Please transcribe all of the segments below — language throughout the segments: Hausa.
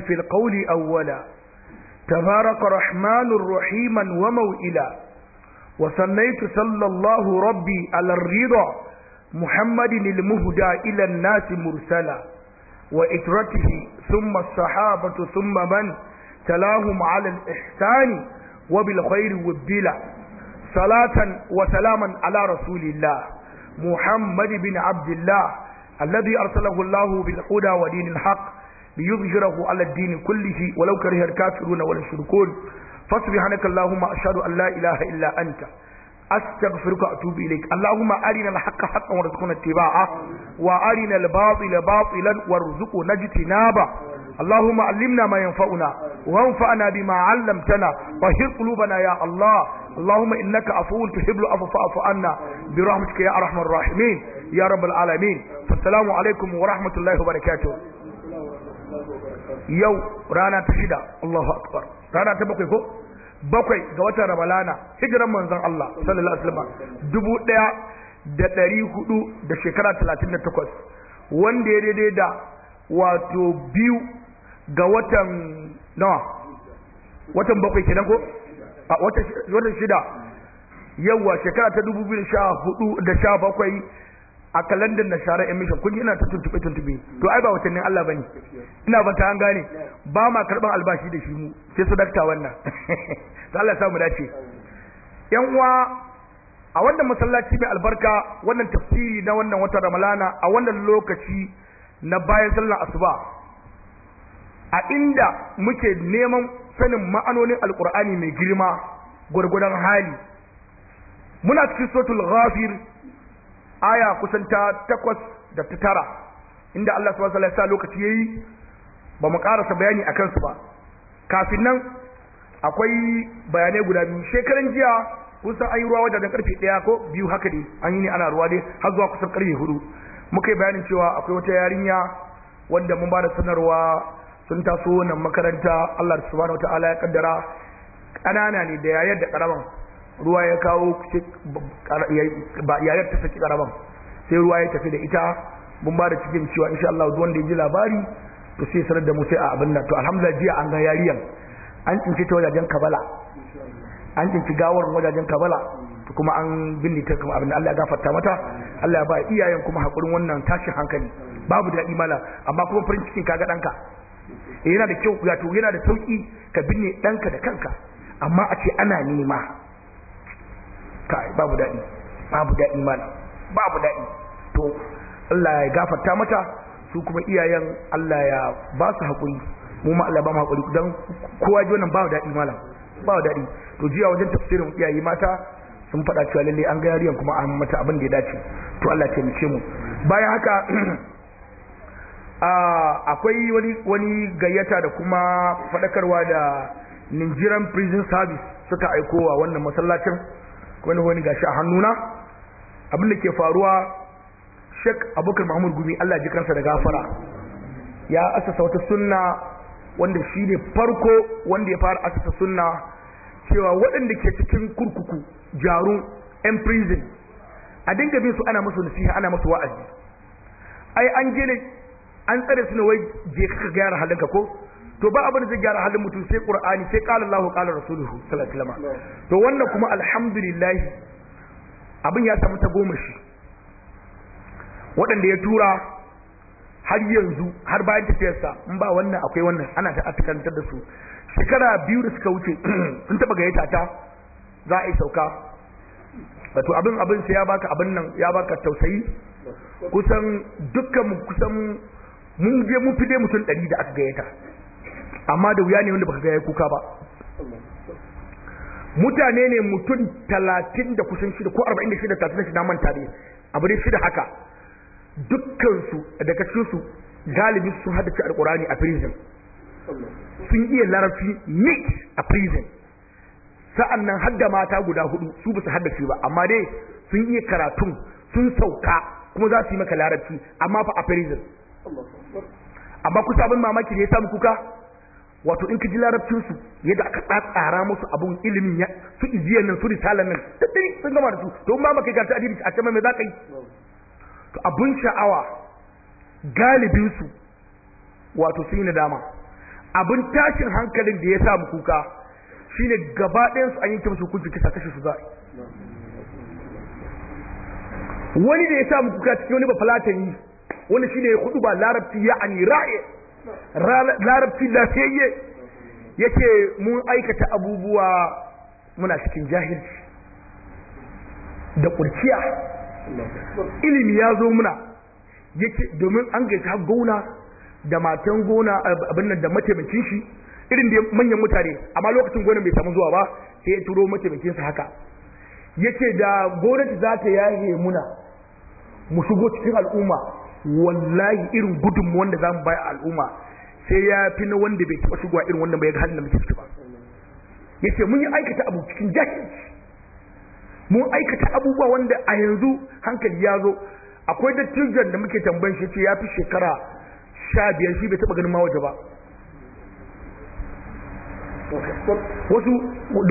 في القول أولا تبارك رحمن رحيما وموئلا وصليت صلى الله ربي على الرضا محمد المهدى إلى الناس مرسلا وإترته ثم الصحابة ثم من تلاهم على الإحسان وبالخير والبلا صلاة وسلاما على رسول الله محمد بن عبد الله الذي أرسله الله بالهدى ودين الحق ليظهره على الدين كله ولو كره الكافرون والمشركون فسبحانك اللهم أشهد أن لا إله إلا أنت أستغفرك وأتوب إليك اللهم أرنا الحق حقا وارزقنا اتباعه وأرنا الباطل باطلا وارزقنا اجتنابه اللهم علمنا ما ينفعنا وانفعنا بما علمتنا وهب قلوبنا يا الله اللهم إنك عفو تحب العفو فاعف عنا برحمتك يا أرحم الراحمين يا رب العالمين فالسلام عليكم ورحمة الله وبركاته yau rana ta shida Allahu akbar rana ta bakwai ko bakwai ga watan ramalana hijiran manzon Allah sallallahu alaihi wasallam dubu daya da ɗari hudu da shekara talatin da takwas wanda ya daidai da wato biyu ga watan nawa watan bakwai kenan ko a watan shida yawwa shekara ta dubu biyu da sha hudu da sha bakwai a kalandar na share yan mission kun ina ta tuntube tuntube to ai ba watannin Allah bane ina ban ta an gane ba ma karban albashi da shi mu sai dakta wannan to Allah ya samu dace yan uwa a wannan masallaci mai albarka wannan tafsiri na wannan wata ramalana a wannan lokaci na bayan sallar asuba a inda muke neman sanin ma'anonin alkur'ani mai girma gwargwadon hali muna cikin sotul ghafir aya kusan ta takwas da ta tara inda Allah subhanahu wa ta'ala lokaci ya yi ba mu karasa bayani a kansu ba kafin nan akwai bayanai guda biyu shekaran jiya kusan an yi ruwa wajen karfe ɗaya ko biyu haka dai an yi ne ana ruwa dai har zuwa kusan karfe hudu muka yi bayanin cewa akwai wata yarinya wanda mun ba da sanarwa sun taso wannan makaranta Allah subhanahu wa ta'ala ya kaddara ƙanana ne da yayar da ƙaraman ruwa ya kawo ya yi ta saki karaman sai ruwa ya tafi da ita mun ba da cikin cewa insha Allah duk wanda ya ji labari to sai sanar da mu sai a abin nan to alhamdulillah jiya an ga yariyan an tsinci ta wajajen kabala an tsinci gawar wajajen kabala to kuma an binne ta kuma abin da Allah ya gafarta mata Allah ya ba iyayen kuma hakurin wannan tashin hankali babu da imala amma kuma farin cikin kaga ɗanka eh, yana da kyau to yana da sauki ka binne danka da kanka amma a ce ana nema kai babu daɗi babu daɗi malam babu daɗi to Allah ya gafarta mata su kuma iyayen Allah ya ba su haƙuri mu ma Allah ba mu haƙuri dan kowa ji wannan babu daɗi malam babu daɗi to jiya wajen tafsirin iyaye mata sun faɗa cewa lalle an ga yariyan kuma an mata abin da ya dace to Allah ya taimake mu bayan haka akwai wani wani gayyata da kuma faɗakarwa da Nigerian Prison Service suka aikowa wannan masallacin wani wani gashi a hannuna abin da ke faruwa shek abokan mahmud gumi allah ji kansa da gafara ya asasa wata sunna wanda shi ne farko wanda ya fara asasa sunna cewa waɗanda ke cikin kurkuku jaru yan prison a dinga bin su ana musu nasiha ana musu wa'azi ai an an tsare su ne wai je ka gyara halinka ko to ba abin da zai gyara halin mutum sai qur'ani sai qala Allahu qala rasuluhu sallallahu alaihi wasallam to wannan kuma alhamdulillah abin ya samu ta goma shi waɗanda ya tura har yanzu har bayan tafiyarsa in ba wannan akwai wannan ana ta atakantar da su shekara biyu da suka wuce sun taɓa gayyata ta za a yi sauka wato abin abin sai ya baka abin nan ya baka tausayi kusan dukkan kusan mun je mun fi dai mutum ɗari da aka gayyata amma da wuya ne wanda baka ga yayi kuka ba mutane ne mutum talatin da kusan shida ko arba'in da shida talatin da shida manta ne abu dai shida haka dukkansu daga cikinsu galibi sun haddace alkurani a prison sun iya larabci mix a prison sa'an nan hadda mata guda hudu su ba su haddace ba amma dai sun iya karatun sun sauka kuma za su yi maka larabci amma fa a prison amma kusa abin mamaki ne ya samu kuka wato in ka ji larabcin su yadda aka tsara musu abun ilimin ya su iziyar nan su risalar nan da dai sun gama da su to in ba maka gata adiri a cewa me za ka yi to abun sha'awa galibin su wato sun yi nadama abun tashin hankalin da ya sa mu kuka shine gaba ɗayan su an yanke musu hukuncin kisa kashe su za wani da ya sa mu kuka cikin wani ba yi wani shine ya hudu ba larabci ya ani ra'ayi larabci lafiyayye yake mu aikata abubuwa muna cikin jahilci da kurciya ilimi ya zo muna yake domin an gaita gona da matan gona abin nan da mataimakin shi irin da manyan mutane amma lokacin gona bai samu zuwa ba sai ya turo mataimakin sa haka yace da gwamnati za ta yahe muna mu shigo cikin al'umma wallahi irin gudun wanda za mu bayar al'umma sai ya fi na wanda bai taba shigowa irin wanda bai ga halin da muke ciki ba ce mun yi aikata abu cikin jahilci mun aikata abubuwa wanda a yanzu hankali ya zo akwai dattijan da muke tambayan shi ce ya fi shekara sha biyar shi bai taba ganin ma waje ba wasu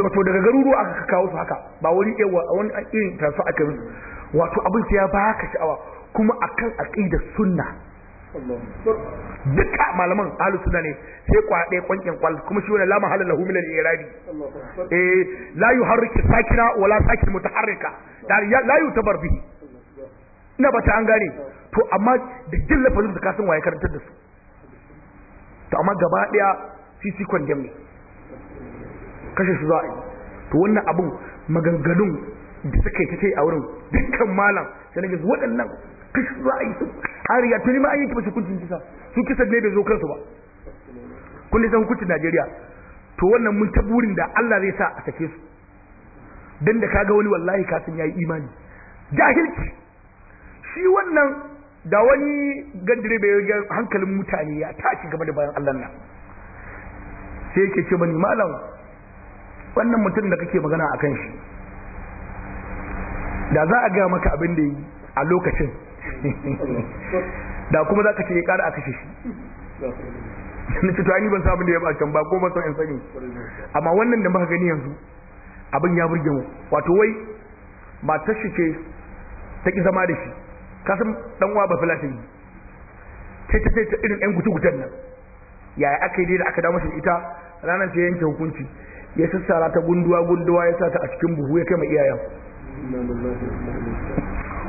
wato daga garuruwa aka kawo su haka ba wani irin tasu aka yi wato abin ta ya baka sha'awa kuma akan aqidar sunna duka malaman ahlus sunna ne sai kwa ɗaya kwankin kwal kuma shi wannan la mahalla lahu min al-irabi eh la yuharriku sakina wala sakin mutaharrika la yutabar bihi ina bata an gane to amma da jin fa zuka san waye karantar da su to amma gaba ɗaya sisi kwandem ne kashe su za to wannan abun maganganun da suka yi ta ce a wurin dukkan malam sai na waɗannan kish za a yi tuni ma an yanke masa kisa su kisa ne bai zo kansu ba kun san hukuncin Najeriya to wannan mun ta burin da Allah zai sa a sake su dan da kaga wani wallahi ka san yayi imani jahilci shi wannan da wani gandire bai ga hankalin mutane ya tashi gaba da bayan Allah nan sai yake ce mani malam wannan mutum da kake magana akan shi da za a ga maka abin da yi a lokacin da kuma za ka ce ya a kashe shi na ce ni ban sabon da ya ba can ba ko ba son in sani amma wannan da muka gani yanzu abin ya burge mu wato wai matar shi ce ta ki zama da shi kasan san dan uwa ba filatin ta ta ta irin yan gutu-gutan nan yaya aka yi da aka dawo shi ita ranar ta yanke hukunci ya sassara ta gunduwa gunduwa ya sa ta a cikin buhu ya kai ma iyayen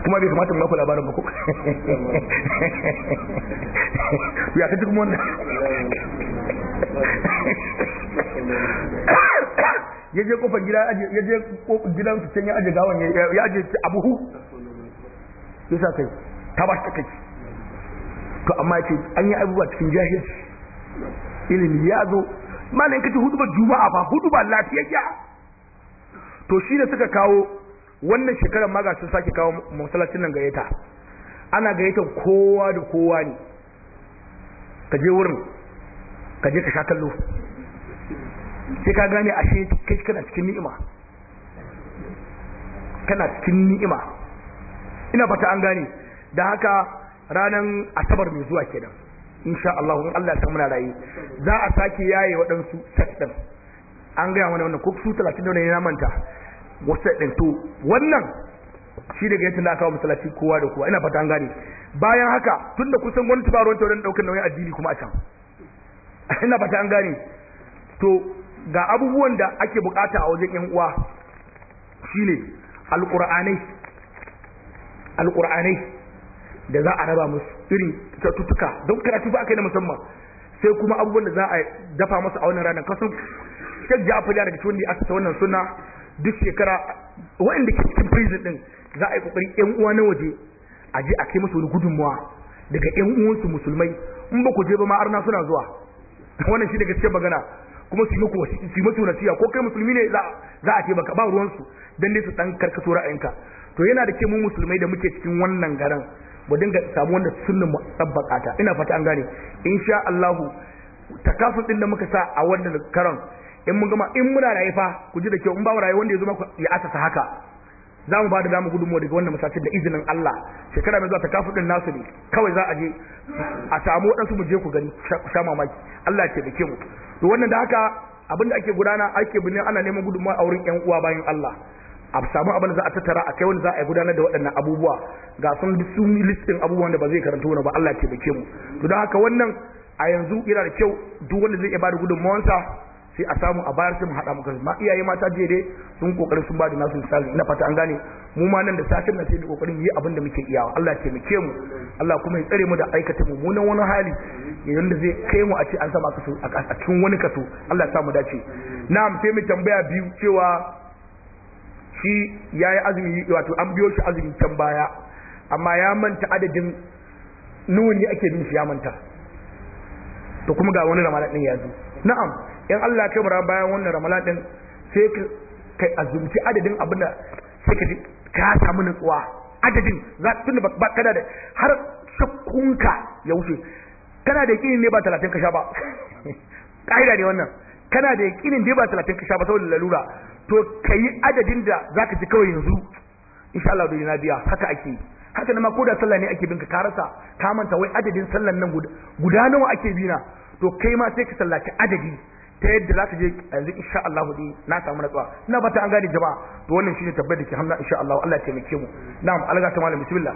kuma bai kamata mu ba ku labarin ba ko ya ta kuma wannan ya je kofar gida ya je kofar gidan su can ya aje gawan ya aje abuhu ya sa kai ta ba ta kai to amma ya ce an yi abubuwa cikin jahilci ilimi ya zo malayin kace hudu ba juma'a ba hudu ba lafiyayya to shi da suka kawo wannan shekarar ma ga sun sake kawo masallacin nan gayyata ana gayyatar kowa da kowa ne ka je wurin ka je ka sha kallo sai ka gane ashe kai kana cikin ni'ima kana cikin ni'ima ina fata an gane da haka ranar asabar mai zuwa kenan insha Allah in Allah ya san muna rayu za a sake yaye waɗansu sassan an gaya mana wannan ko su 30 ne na manta Wasu ɗin to wannan shi daga yadda na kawo masalaci kowa da kowa ina fata an gane bayan haka tun da kusan gwamnati ba ruwan taurin ɗaukar nauyin addini kuma a can ina fata an gane to ga abubuwan da ake bukata a wajen yan uwa shine alqur'anai alqur'anai da za a raba musu irin tattutuka don karatu ba kai na musamman sai kuma abubuwan da za a dafa musu a wannan ranar kasan a Ja'far ya daga cikin wanda aka ta wannan sunna duk shekara waɗanda ke cikin prison ɗin, za a yi kokari yan uwa na waje a je a kai musu wani gudunmuwa daga yan uwansu musulmai in ba ku je ba ma arna suna zuwa wannan shi daga cikin magana kuma su muku su mutu nasiya ko kai musulmi ne za a ce baka ba ruwan su dan ne su ɗan karkaso ra'ayinka to yana da ke mu musulmai da muke cikin wannan garan mu dinga samu wanda sunnin mu tabbata ina fata an gane insha Allah takafin ɗin da muka sa a wannan karan in mun gama in muna raye fa ku ji da kyau in ba mu wanda ya zo ya asasa haka za mu ba da damu gudunmu daga wannan masacin da izinin Allah shekara mai zuwa ta kafudin nasu ne kawai za a je a samu waɗansu mu je ku gani sha mamaki Allah ke taimake mu to wannan da haka abinda ake gudana ake binne ana neman gudunmu a wurin ƴan uwa bayan Allah a samu abin da za a tattara a kai wani za a gudanar da waɗannan abubuwa ga sun sun listin abubuwan da ba zai karanta wani ba Allah ke taimake mu to don haka wannan a yanzu yana da kyau duk wanda zai iya ba da gudunmuwansa sai a samu a bayar sai mu haɗa muka ma iyaye mata je dai sun kokarin sun bada nasu misali ina fata an gane mu ma nan da satin nan sai da kokarin yi abin da muke iyawa Allah ya taimake mu Allah kuma ya tsare mu da aikata mu mummunan wani hali yanda zai kai mu a ce an sama kaso a cikin wani kaso Allah ya sa mu dace na'am sai mu tambaya biyu cewa shi yayi azumi wato an biyo shi azumi can baya amma ya manta adadin nuni ake bin shi ya manta to kuma ga wani ramadan din ya zo na'am in Allah kai mura bayan wannan ramalan din sai ka azumci adadin abin da sai ka ji ka samu nutsuwa adadin za tuna ba kada da har shakkunka ya wuce kana da yakinin ne ba talatin ka sha ba kaida ne wannan kana da yakinin ne ba talatin ka sha ba saboda lalura to ka yi adadin da za ka ji kawai yanzu insha Allah da yana biya haka ake haka na ma ko da sallah ne ake bin ka karasa ka manta wai adadin sallan nan guda nawa ake bina to kai ma sai ka sallaci adadi ta yadda za ta je yanzu insha Allah dai na samu natsuwa ina fata an gane jama'a to wannan shine tabbai da ke hamna insha Allah Allah ya taimake mu na'am alga ta malam bismillah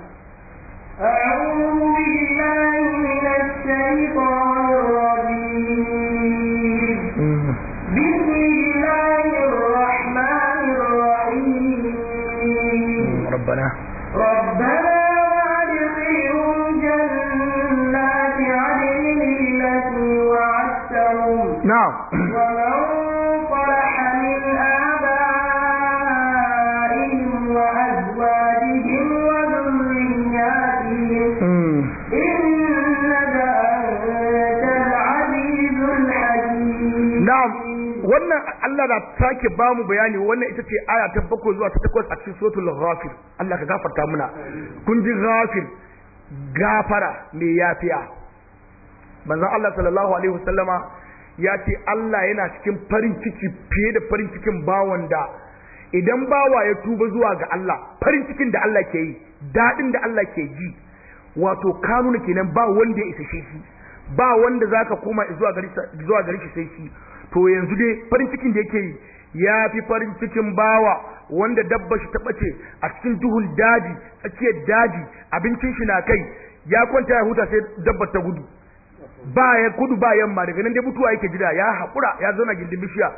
أعوذ بالله من الشيطان الرجيم بسم الله الرحمن الرحيم ربنا ربنا Allah na sake ba mu bayani wannan ita ce aya ta bakwai zuwa ta takwas a cikin suratul ghafir Allah ka gafarta muna kun ji ghafir gafara me yafiya manzo Allah sallallahu alaihi wasallama ya ce Allah yana cikin farin ciki fiye da farin cikin bawan da idan bawa ya tuba zuwa ga Allah farin cikin da Allah ke yi dadin da Allah ke ji wato kanuna kenan ba wanda ya isa shi ba wanda zaka koma zuwa gari zuwa gari shi sai shi to yanzu dai farin cikin da yake yi ya fi farin cikin bawa wanda dabba shi ta ɓace a cikin duhun daji tsakiyar daji abincin shi na kai ya kwanta ya huta sai dabba ta gudu ba ya kudu ba yamma daga nan dai mutuwa yake jira ya haƙura ya zauna gindin bishiya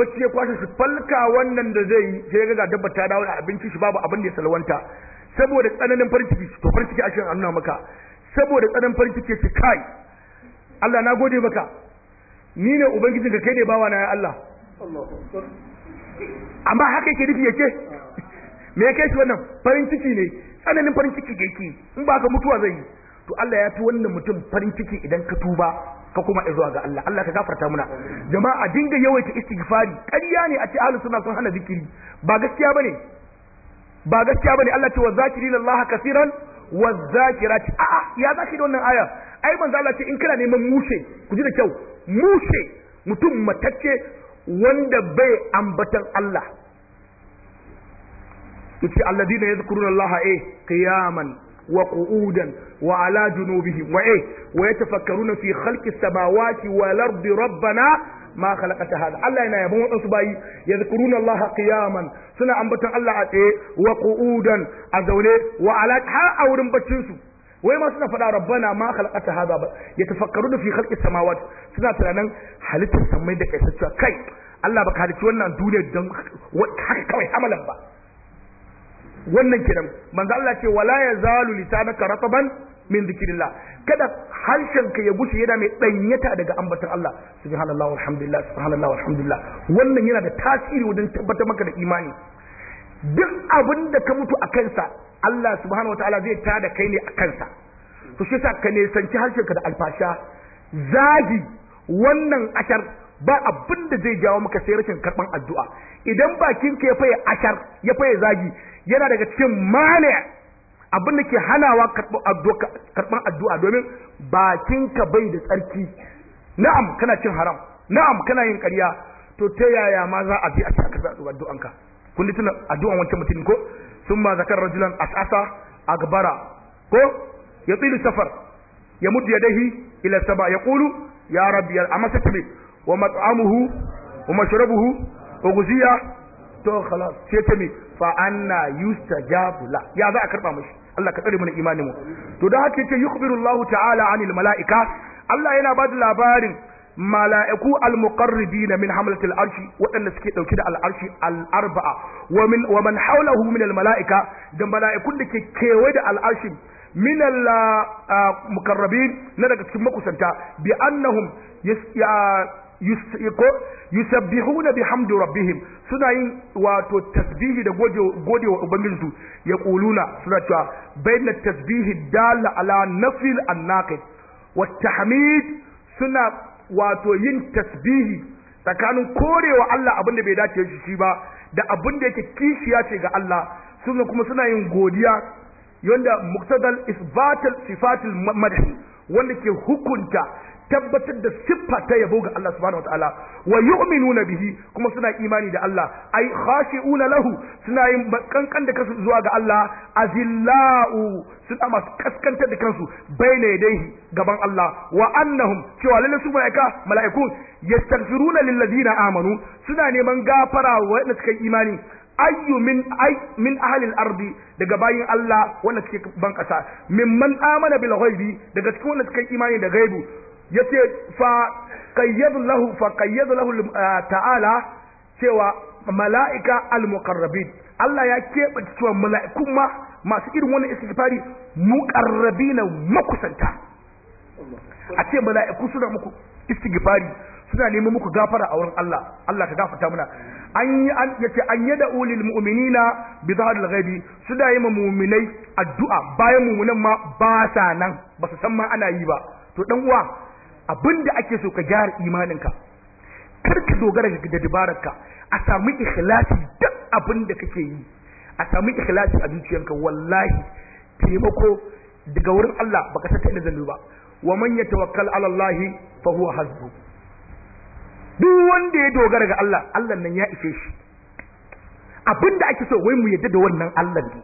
bacci ya kwashe shi falka wannan da zai yi sai ya ga dabba ta dawo da abincin shi babu abin da ya salwanta saboda tsananin farin ciki to farin ciki a cikin nuna maka saboda tsananin farin ciki ce kai Allah na gode maka ni ne Ubangiji ka kai ne bawa na ya Allah amma haka yake nufi yake me ya shi wannan farin ciki ne tsananin farin ciki yake in ba ka mutuwa zai yi to Allah ya fi wannan mutum farin ciki idan ka tuba ka kuma zuwa ga Allah Allah ka gafarta muna jama'a dinga yawaita istighfari ƙarya ne a ce ahlus sunna sun hana zikiri ba gaskiya bane ba gaskiya bane Allah ce wa zakirina Allah kasiran wa a'a ya zaki da wannan aya ai manzo Allah ce in kana neman mushe ku ji da kyau mushe mutum matacce wanda bai ambatan Allah yace alladina yadhkuruna Allah eh qiyaman wa qu'udan wa ala junubihim wa eh wa yatafakkaruna fi khalqi samawati wal ardi rabbana ma khalaqata hada Allah yana yabon wadansu bayi yadhkuruna Allah qiyaman suna ambatan Allah a tsaye wa qu'udan a zaune wa ala har a wurin baccin su wai ma suna faɗa rabbana ma khalaqata hadha ba ya yatafakkaruna fi khalqi samawati suna tunanin halittar samai da kai sace kai Allah baka halicci wannan duniya dan haka kawai amalan ba wannan kiran manzo Allah ce wala yazalu lisanaka rataban min dhikrillah kada harshen ka ya gushe yana mai danyata daga ambaton Allah subhanallahi walhamdulillah subhanallahi walhamdulillah wannan yana da tasiri wajen tabbatar maka da imani duk abin da ka mutu a kansa Allah subhanahu ta'ala zai tada kai ne a kansa to shi sa ka nisanci harshenka da alfasha zagi wannan ashar ba abin da zai jawo maka sai rashin karban addu'a idan bakin ka ya faye ashar ya faye zagi yana daga cikin mane abin da ke hanawa karban addu'a domin bakin ka bai da tsarki na'am kana cin haram na'am kana yin ƙarya to ta yaya ma za a bi a cikin karban addu'anka kun tuna addu'an wancan mutum ko sun ma zakar rajulan as'asa gabara ko ya tsiri safar ya mutu ya dahi ila saba ya kulu ya rabbi a masa tumi wa mat'amuhu wa mashrabuhu wa guziya to khalas sai ta mi fa anna yustajabu la ya za a karba mashi Allah ka tsare mana imanin mu to dan haka yace yukhbiru Allah ta'ala anil mala'ika Allah yana ba da labarin mala'iku al na min hamlatil arshi waɗanda suke ɗauke da al'arshi al wa min wa man min al-mala'ika da mala'ikun da ke kewai da al'arshi min al na daga cikin makusanta bi annahum bi hamdu rabbihim suna yin wato tasbihi da gode wa ubangijinsu ya kuluna suna cewa baina tasbihi dala ala nafil annaqid wa tahmid suna wato yin tasbihi tsakanin korewa Allah abin da bai dace shi shi ba da abin da yake kishiya ce ga Allah suna kuma suna yin godiya yanda muktadal isbatul sifatul madhi wanda ke hukunta tabbatar da siffa ta yabo ga Allah subhanahu wataala wa yu'minuna bihi kuma suna imani da Allah ai khashi'una lahu suna yin kankan da kansu zuwa ga Allah azillau suna masu kaskantar da kansu baina yadayhi gaban Allah wa annahum cewa lalle su malaika malaiku yastaghfiruna lil ladina amanu suna neman gafara wa wanda suka imani ayyu min ay min ahlil ardi daga bayin Allah wanda suke ban kasa mimman amana bil ghaibi daga cikin wanda suka imani da gaibu ce fa qayyadu lahu fa qayyadu lahu ah, ta'ala cewa mala'ika al-muqarrabin Allah ya keɓe cewa mala'ikun ma masu irin wannan istighfari muqarrabina makusanta a ce mala'iku suna muku istighfari suna neman muku gafara a wurin Allah Allah ka gafarta muna an yi an yace an yada ulil mu'minina bi zahril ghaibi suna yi mu'minai addu'a bayan mu'minan ma ba sa nan ba su san ma ana yi ba to dan uwa Abin abinda ake so ka gyara imaninka kar ka dogara da dabararka a samu ikhlasi duk abin da kake yi a samu ikhlasi a zuciyarka wallahi taimako daga wurin Allah baka san ta inda ba wa man yatawakkal ala Allah fa huwa hasbu duk wanda ya dogara ga Allah Allah nan ya ishe shi abin da ake so wai mu yadda da wannan Allah ne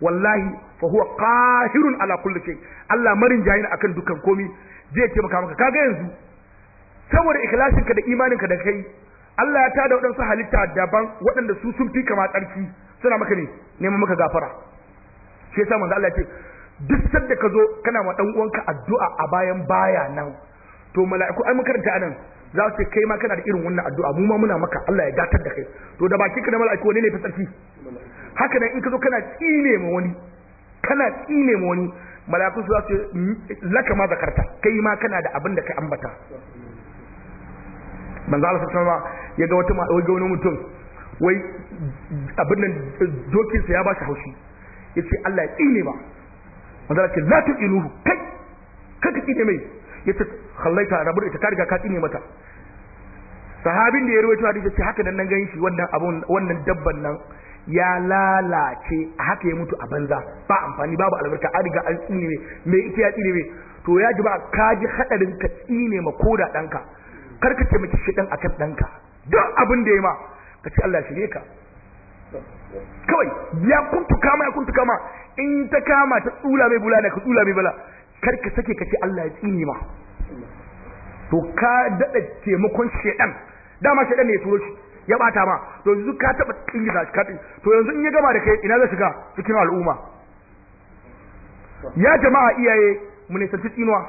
wallahi fa huwa qahirun ala kulli shay Allah marin jayin akan dukan komai. zai taimaka maka kaga yanzu saboda ikhlasin ka da imanin ka da kai Allah ya tada waɗansu halitta daban waɗanda su sun fi kama tsarki suna maka ne neman maka gafara shi yasa manzo Allah ya ce duk sanda ka zo kana ma dan uwanka addu'a a bayan baya nan to mala'iku ai mun anan za su kai ma kana da irin wannan addu'a mu ma muna maka Allah ya gatar da kai to da baki ka da mala'iku wani ne fi tsarki haka nan in ka zo kana tsine ma wani kana tsine ma wani malaku su ce mm, laka ma zakarta kai ma kana da abin da ka ambata manzo Allah sallallahu alaihi ya ga wata wai ga wani mutum wai abin nan dokin sa ya ba shi haushi yace Allah ya kine ba manzo Allah ce la tu'inuhu kai kaka tsine mai yace khallaita rabu ita ka riga ka kine mata sahabin da ya rawaito hadisi ce haka nan nan ganin shi wannan abun wannan dabban nan ya lalace haka ya mutu a banza ba amfani babu albarka an riga an tsine mai mai ita ya tsine to ya ji ba ka ji hadarin ka tsine ma koda danka kar ka taimaki shi dan akan danka duk abin da ya ma ka ce Allah shirye ka kawai ya kuntu kama ya kuntu kama in ta kama ta tsula mai bulala ka tsula mai bala kar ka sake ka ce Allah ya tsine ma to ka dada taimakon shedan dama shedan ne ya turo shi ya bata ma to yanzu ka taba kingiza ka to yanzu in ya gama da kai ina zai shiga cikin al'umma ya jama'a iyaye mu ne santi tsinuwa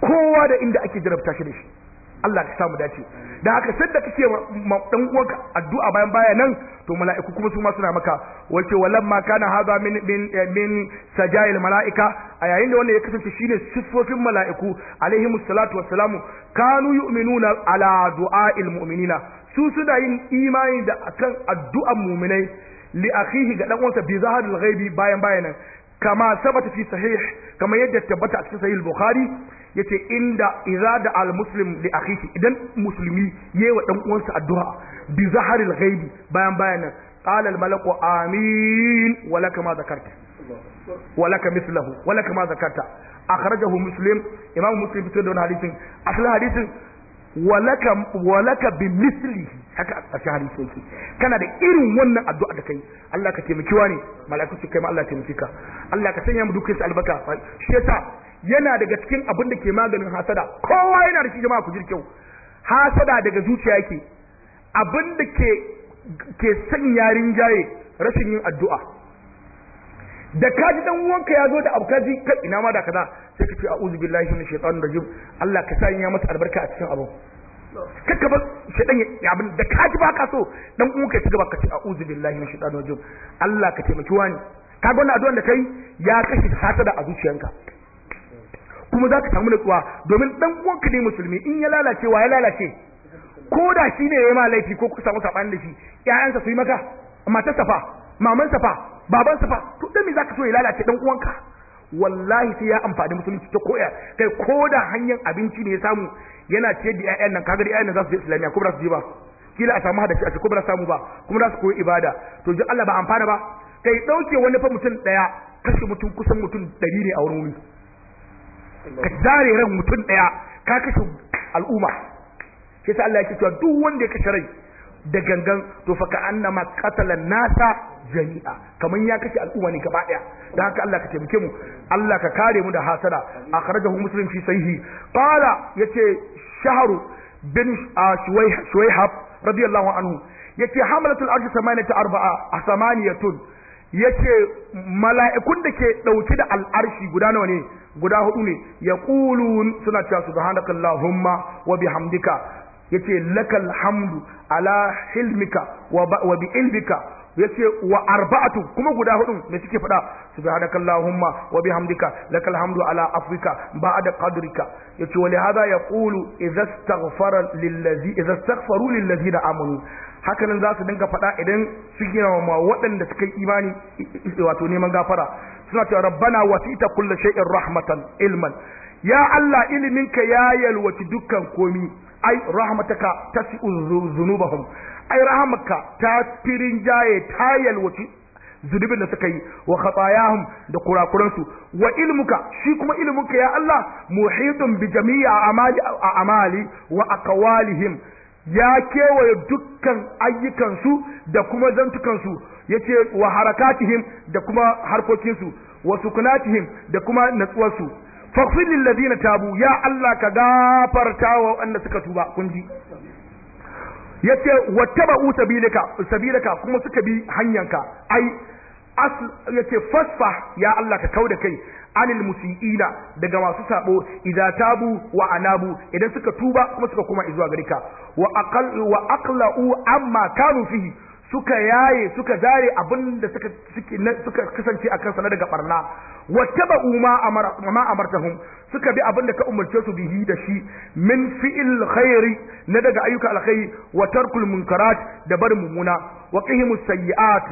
kowa da inda ake jarabta shi da shi Allah ka samu dace da haka da kake dan uwanka addu'a bayan baya nan to mala'iku kuma su ma suna maka wace ma kana hadha min min eh, min sajail mala'ika a yayin da wanda ya kasance shine siffofin mala'iku alaihi salatu wassalamu kanu yu'minuna ala du'a'il mu'minina su suna yin imani da akan addu'an muminai li akhihi ga dan uwansa bi zaharil ghaibi bayan nan kama sabata fi sahih kama yadda tabbata a cikin sahih bukhari yace inda izada al muslim li akhihi idan musulmi yayi wa dan uwansa addu'a bi zaharil ghaibi bayan nan qala al malaku amin wa laka ma zakarta wa laka mithluhu wa laka ma zakarta akhrajahu muslim imam muslim fito da wannan hadisin asalin hadisin walaka bi misli haka a shahari hadisi yake kana da irin wannan addu'a da kai Allah ka taimaki wani mala'iku su kai ma Allah taimaki ka Allah ka sanya mu dukkan albaka shi yasa yana daga cikin abin da ke maganin hasada kowa yana da shi jama'a ku kyau hasada daga zuciya yake abin da ke ke sanya rinjaye rashin yin addu'a da ka ji dan uwanka ya zo da abu ka ji kai ina ma da kaza sai ka ce a'udhu billahi minash shaitanir rajim Allah ka sa ya masa albarka a cikin abu kakka ba shaitan ya abin da ka ji baka so dan uwanka ya ci gaba ka ce a'udhu billahi minash shaitanir rajim Allah ka taimaki wani ka ga wannan addu'an da kai ya kashe hasada a zuciyanka kuma za ka samu nutsuwa domin dan uwanka ne musulmi in ya lalace wa ya lalace ko da shi ne ya yi ma laifi ko ku samu saɓani da shi ƴaƴansa su yi maka matarsa fa mamansa fa baban sa fa to dan me zaka so ya lalace dan uwanka wallahi sai ya amfani musulunci ta koya kai ko da hanyar abinci ne ya samu yana ciyar da ƴaƴan nan kaga da ƴaƴan nan za su je islamiya ko ba su je ba kila a samu hadashi a ce ko ba samu ba kuma za su koyi ibada to ji Allah ba amfana ba kai dauke wani fa mutum daya kashe mutum kusan mutum ɗari ne a wurin wuri ka zare ran mutum daya ka kashe al'umma sai Allah yake cewa duk wanda ya kashe rai da gangan to fa ka annama qatala nasa jami'a kaman ya kashe al'umma ne gaba daya dan haka Allah ka taimake mu Allah ka kare mu da hasada akhrajahu muslim fi sahihi qala yace shahru bin shuwayhab radiyallahu anhu yace hamalatul arshi samaniyat arba'a samaniyatun yace mala'ikun da ke dauke da al'arshi guda nawa ne guda hudu ne yaqulun suna cewa subhanakallahumma wa bihamdika yace lakal hamdu ala hilmika wa bi ilmika yace wa arba'atu kuma guda hudun me suke faɗa subhanakallahumma wa bihamdika lakal hamdu ala afwika da qadrika yace wa lihadha yaqulu ya astaghfara lillazi idza lillazi lillazina amanu hakanan za su dinga faɗa idan suke ma waɗanda suka yi imani wato neman gafara suna cewa rabbana wasita kulli shay'in rahmatan ilman ya Allah iliminka ya yalwaci dukkan komi ai rahmataka tasi'u zunubahum ai rahmaka ta firin jaye ta yalwaci zunubin da suka yi wa khatayahum da kurakuransu wa ilmuka shi kuma ilminka ya Allah muhitun bi jami'i amali amali wa aqwalihim ya kewaye dukkan ayyukansu da kuma zantukansu yace wa harakatihim da kuma harkokinsu wa sukunatihim da kuma natsuwarsu faghfir lil ladina tabu ya Allah ka gafarta wa wanda suka tuba kun ji yace wattaba'u sabilaka sabilaka kuma suka bi hanyanka ai as yace fasfa ya Allah ka kauda kai anil musiiina daga masu sabo idza tabu wa anabu idan suka tuba kuma suka koma izuwa gare ka wa aqal wa aqla'u amma kanu fihi suka yaye suka zare abin da suka suka kasance a kansa na daga barna wattaba ma amara ma amartahum suka bi abin da ka umarce su bihi da shi min fi'il khairi na daga ayyuka alkhairi wa tarkul munkarat da bar mumuna wa qihim sayyi'at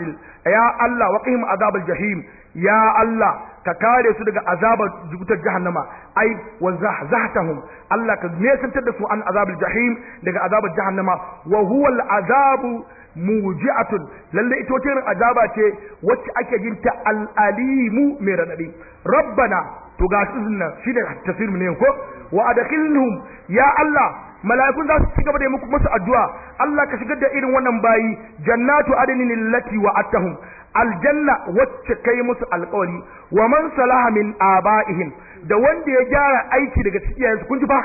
ya Allah wa qihim azabal jahim ya Allah ka kare su daga azabar wutar jahannama ai wa zahzahtahum Allah ka nesantar da su an azabil jahim daga azabar jahannama wa huwa al azabu muji'atun lalle ita wata irin azaba ce wacce ake jin ta al'alimu mai radadi rabbana to ga su nan shi da tafsir mu ne ko wa adkhilhum ya Allah mala'ikun za su ci gaba da muku musu addu'a Allah ka shigar da irin wannan bayi jannatu adnin allati al aljanna wacce kai musu alƙawari wa man salaha min abaihim da wanda ya gyara aiki daga cikin iyayensu kun ji fa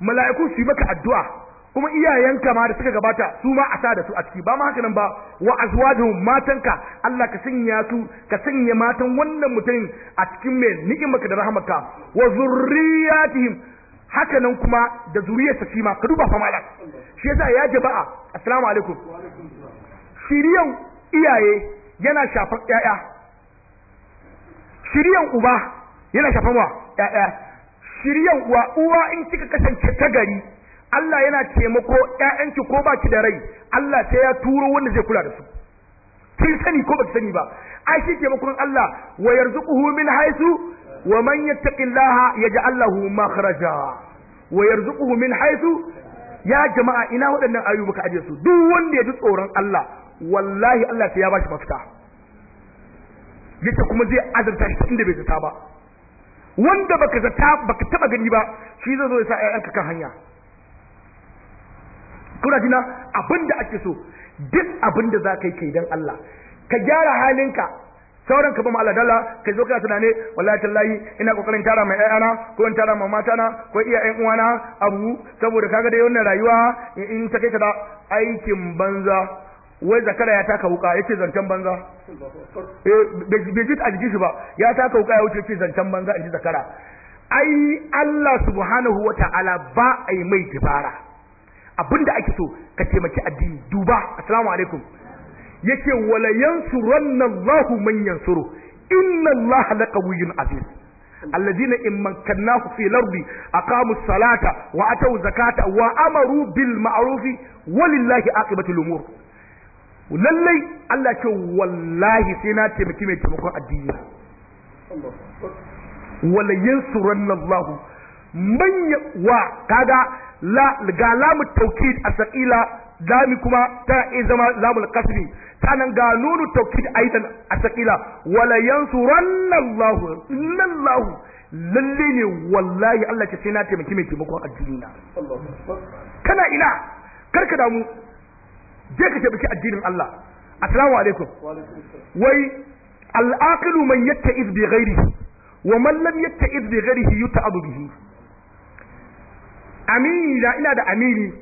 mala'iku su yi maka addu'a kuma iyayenka ma da suka gabata su ma a sa da su a ciki ba ma haka nan ba wa azwajuhum matanka Allah ka sanya su ka sanya matan wannan mutumin a cikin mai ni'imaka da rahamaka wa zurriyatihim haka nan kuma da zuriyarsa shi ma ka duba fa malak shi yasa ya jaba'a assalamu alaikum shiriyan iyaye yana shafar ƴaƴa shiriyan uba yana shafar wa ƴaƴa shiriyan uwa uwa in kika kasance ta gari Allah yana taimako ƴaƴanki ko ba ki da rai Allah sai ya turo wanda zai kula da su kin sani ko baki sani ba ai shi taimakon Allah wa yarzuquhu min haisu wa man yattaqillaha yaj'al makhraja wa yarzuquhu min haisu ya jama'a ina waɗannan ayyuka ka aje su duk wanda ya ji tsoron Allah wallahi Allah sai ya bashi mafita yace kuma zai azurta shi inda bai zata ba wanda baka zata baka taba gani ba shi zai zo ya sa 'ya'yanka kan hanya kuna jina abin da ake so duk abin da za ka yi ke don Allah ka gyara halinka sauran ka ba mu Allah dalla ka zo kana tunane wallahi tallahi ina kokarin tara mai ƴaƴana ko in tara mai na, ko iya ƴan uwana abu saboda kaga da yawan rayuwa in ta kai ka da aikin banza wai zakara ya taka wuka yace zancen banza eh bai ji a shi ba ya taka wuka ya wuce yace zancen banza in ji zakara ai Allah subhanahu wa ta'ala ba ai mai dibara abinda ake so ka taimaki addini duba assalamu alaikum yace wala yansuranna Allahu man yansuru inna Allaha laqawiyyun aziz alladhina in makkannahu fi al-ardi aqamu as-salata wa atu zakata wa amaru bil wa walillahi aqibatu al lallai Allah ce wallahi sai na taimaki mai taimakon addini wala yansuranna Allahu Manya wa kaga la ga lamu tawkid a saqila lami kuma ta iya zama lamul kasbi sanan ga nunu tawkid aidan a saqila wala yansuranna Allah inna Allah lalle ne wallahi Allah ce sai na taimaki mai taimakon addini na kana ina karka damu je ka taimaki addinin Allah assalamu alaikum wai al man yatta'iz bi ghairihi wa man lam yatta'iz bi ghairihi yuta'abu bihi amini da ina da amini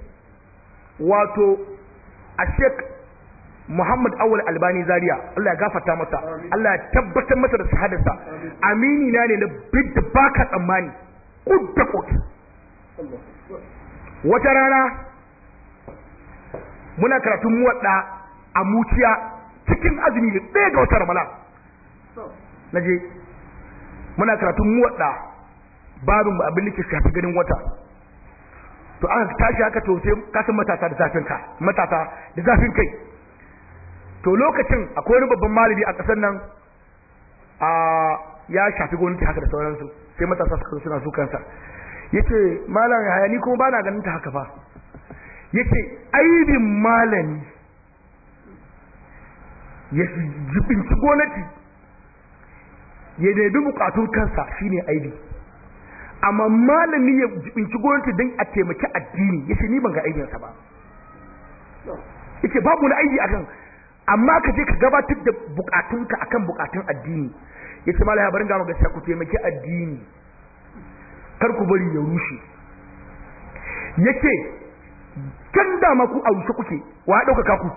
wato a sheik Muhammad awul Albani Zariya. Allah ya gafata masa Allah ya tabbatar masa da shahadarsa amini na ne na bidda baka tsammani kudda da wata rana muna karatun muwadda a muciya cikin azumi da ɗaya ga wata ramala na je muna karatun muwadda babin abin da ke shafi ganin wata to an tashi haka to sai ka san matasa da zafin ka matasa da zafin kai to lokacin akwai wani babban malami a kasar nan a ya shafi gwamnati haka da sauransu sai matasa suka suna su kansa yace malam haya ni kuma bana ganin ta haka fa yace aidin malami ya jibinci gwamnati ya daidai bukatun kansa shine aibi amma malami ya binci gwamnati don a taimaki addini ya ce ni ban ga aikinsa ba yake babu na aiki akan amma ka je ka gabatar da bukatunka akan bukatun addini ya ce malaya barin gama gaskiya ku taimaki addini kar ku bari ya rushe ya ce can dama ku a rushe kuke wa ya ɗaukaka ku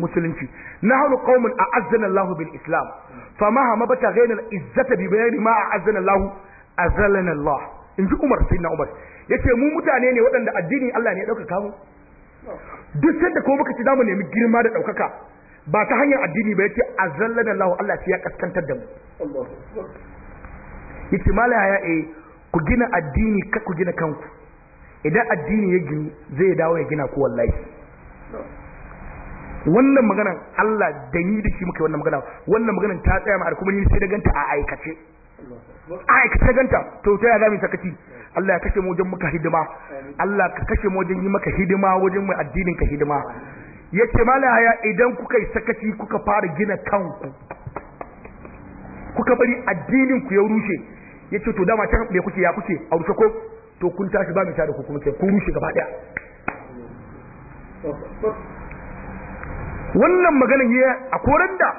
musulunci na haulu qaumun a azzana Allah bil islam fama hama bata ghayna al izzata bi ma a azzana Allah Allah in ji Umar sai na Umar ya ce mu mutane ne waɗanda addini Allah ne ya ɗaukaka mu duk sanda ko muka ci zamu nemi girma da ɗaukaka ba ta hanyar addini ba ya ce a zallan Allah Allah ya kaskantar da mu ya ce malaya ya eh, ku gina addini ka ku gina kanku idan addini ya gini zai dawo ya gina ku wallahi wannan magana Allah da ni da shi muka wannan magana wannan magana ta tsaya ma kuma ni sai da ganta a aikace a ka ta ganta to ta mai sakaci Allah ya kashe mu wajen muka hidima Allah ka kashe mu wajen yi maka hidima wajen mai addinin ka hidima yace malaya idan kuka yi sakaci kuka fara gina kanku kuka bari addinin ku ya rushe yace to dama ta me kuke ya kuke a rushe ko to kun tashi ba mai tare ku kuma ke kun rushe gaba daya wannan maganar ya a koran da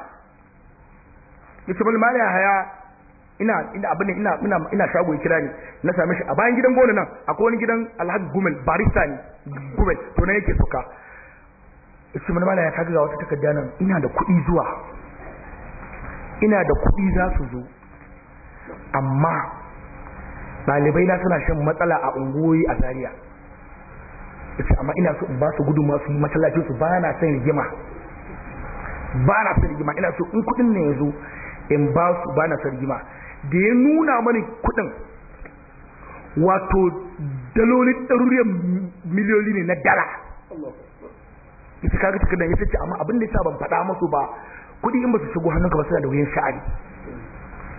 yace malaya haya ina ina abin ina ina ina shago ya kira ni na same shi a bayan gidan gona nan akwai wani gidan Alhaji Gumel barista ne Gumel to ne yake suka shi mun mala ya kaga wata takarda nan ina da kuɗi zuwa ina da kuɗi za su zo amma dalibai na suna shan matsala a unguwoyi a Zaria yace amma ina so in ba su gudunmawa su masallacin su ba na son rigima ba na son rigima ina so in kuɗin ne ya zo in ba su ba na son rigima da ya nuna mani kuɗin wato dalolin ɗaruriyar miliyoyi ne na dala ita kaga takardar ita ce amma abin da ya ban faɗa masu ba kuɗi in ba su shigo hannunka ba suna da wuyan sha'ani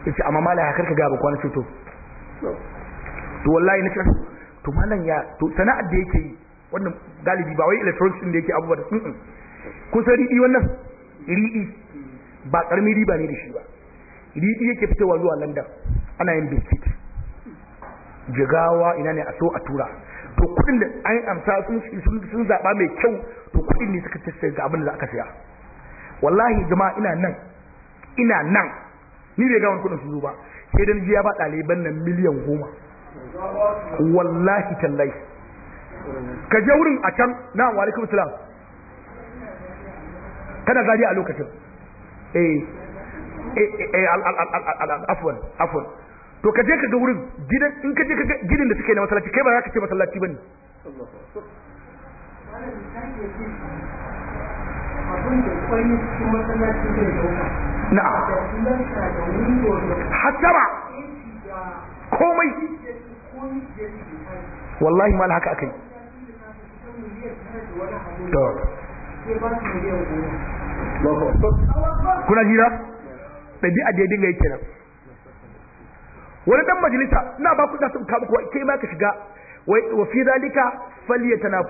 ya ce amma malaya karka ka gaba kwana ce to to wallahi na kasu to malam ya to sana'ar da yake yi wannan galibi ba wai electronics din da yake abubuwa da sun kun san riɗi wannan riɗi ba ƙaramin riba ne da shi ba riɗi yake fitowa zuwa london ana yin biskit jigawa ina ne a so a tura to kudin da an amsa sun zaɓa mai kyau to kudin ne suka tattara ga abin da aka saya wallahi jama'a ina nan ina nan ni bai gawan kudin su zo ba sai dan jiya ba ɗaliban nan miliyan goma wallahi tallahi ka je wurin a can na wa alaikum salam kana gari a lokacin eh Eh, eh, afwan afwan to ka je ka ga wurin gidan in ka je ka ga gidan da suke na masallaci kai ba za ka ce masallaci bane na'am hasara komai wallahi mal haka akai to kuna jira ɗabi'a a daidai dinga kenan wani dan majalisa ina ba ku da sun kawo kai ma ka shiga wa fi zalika tana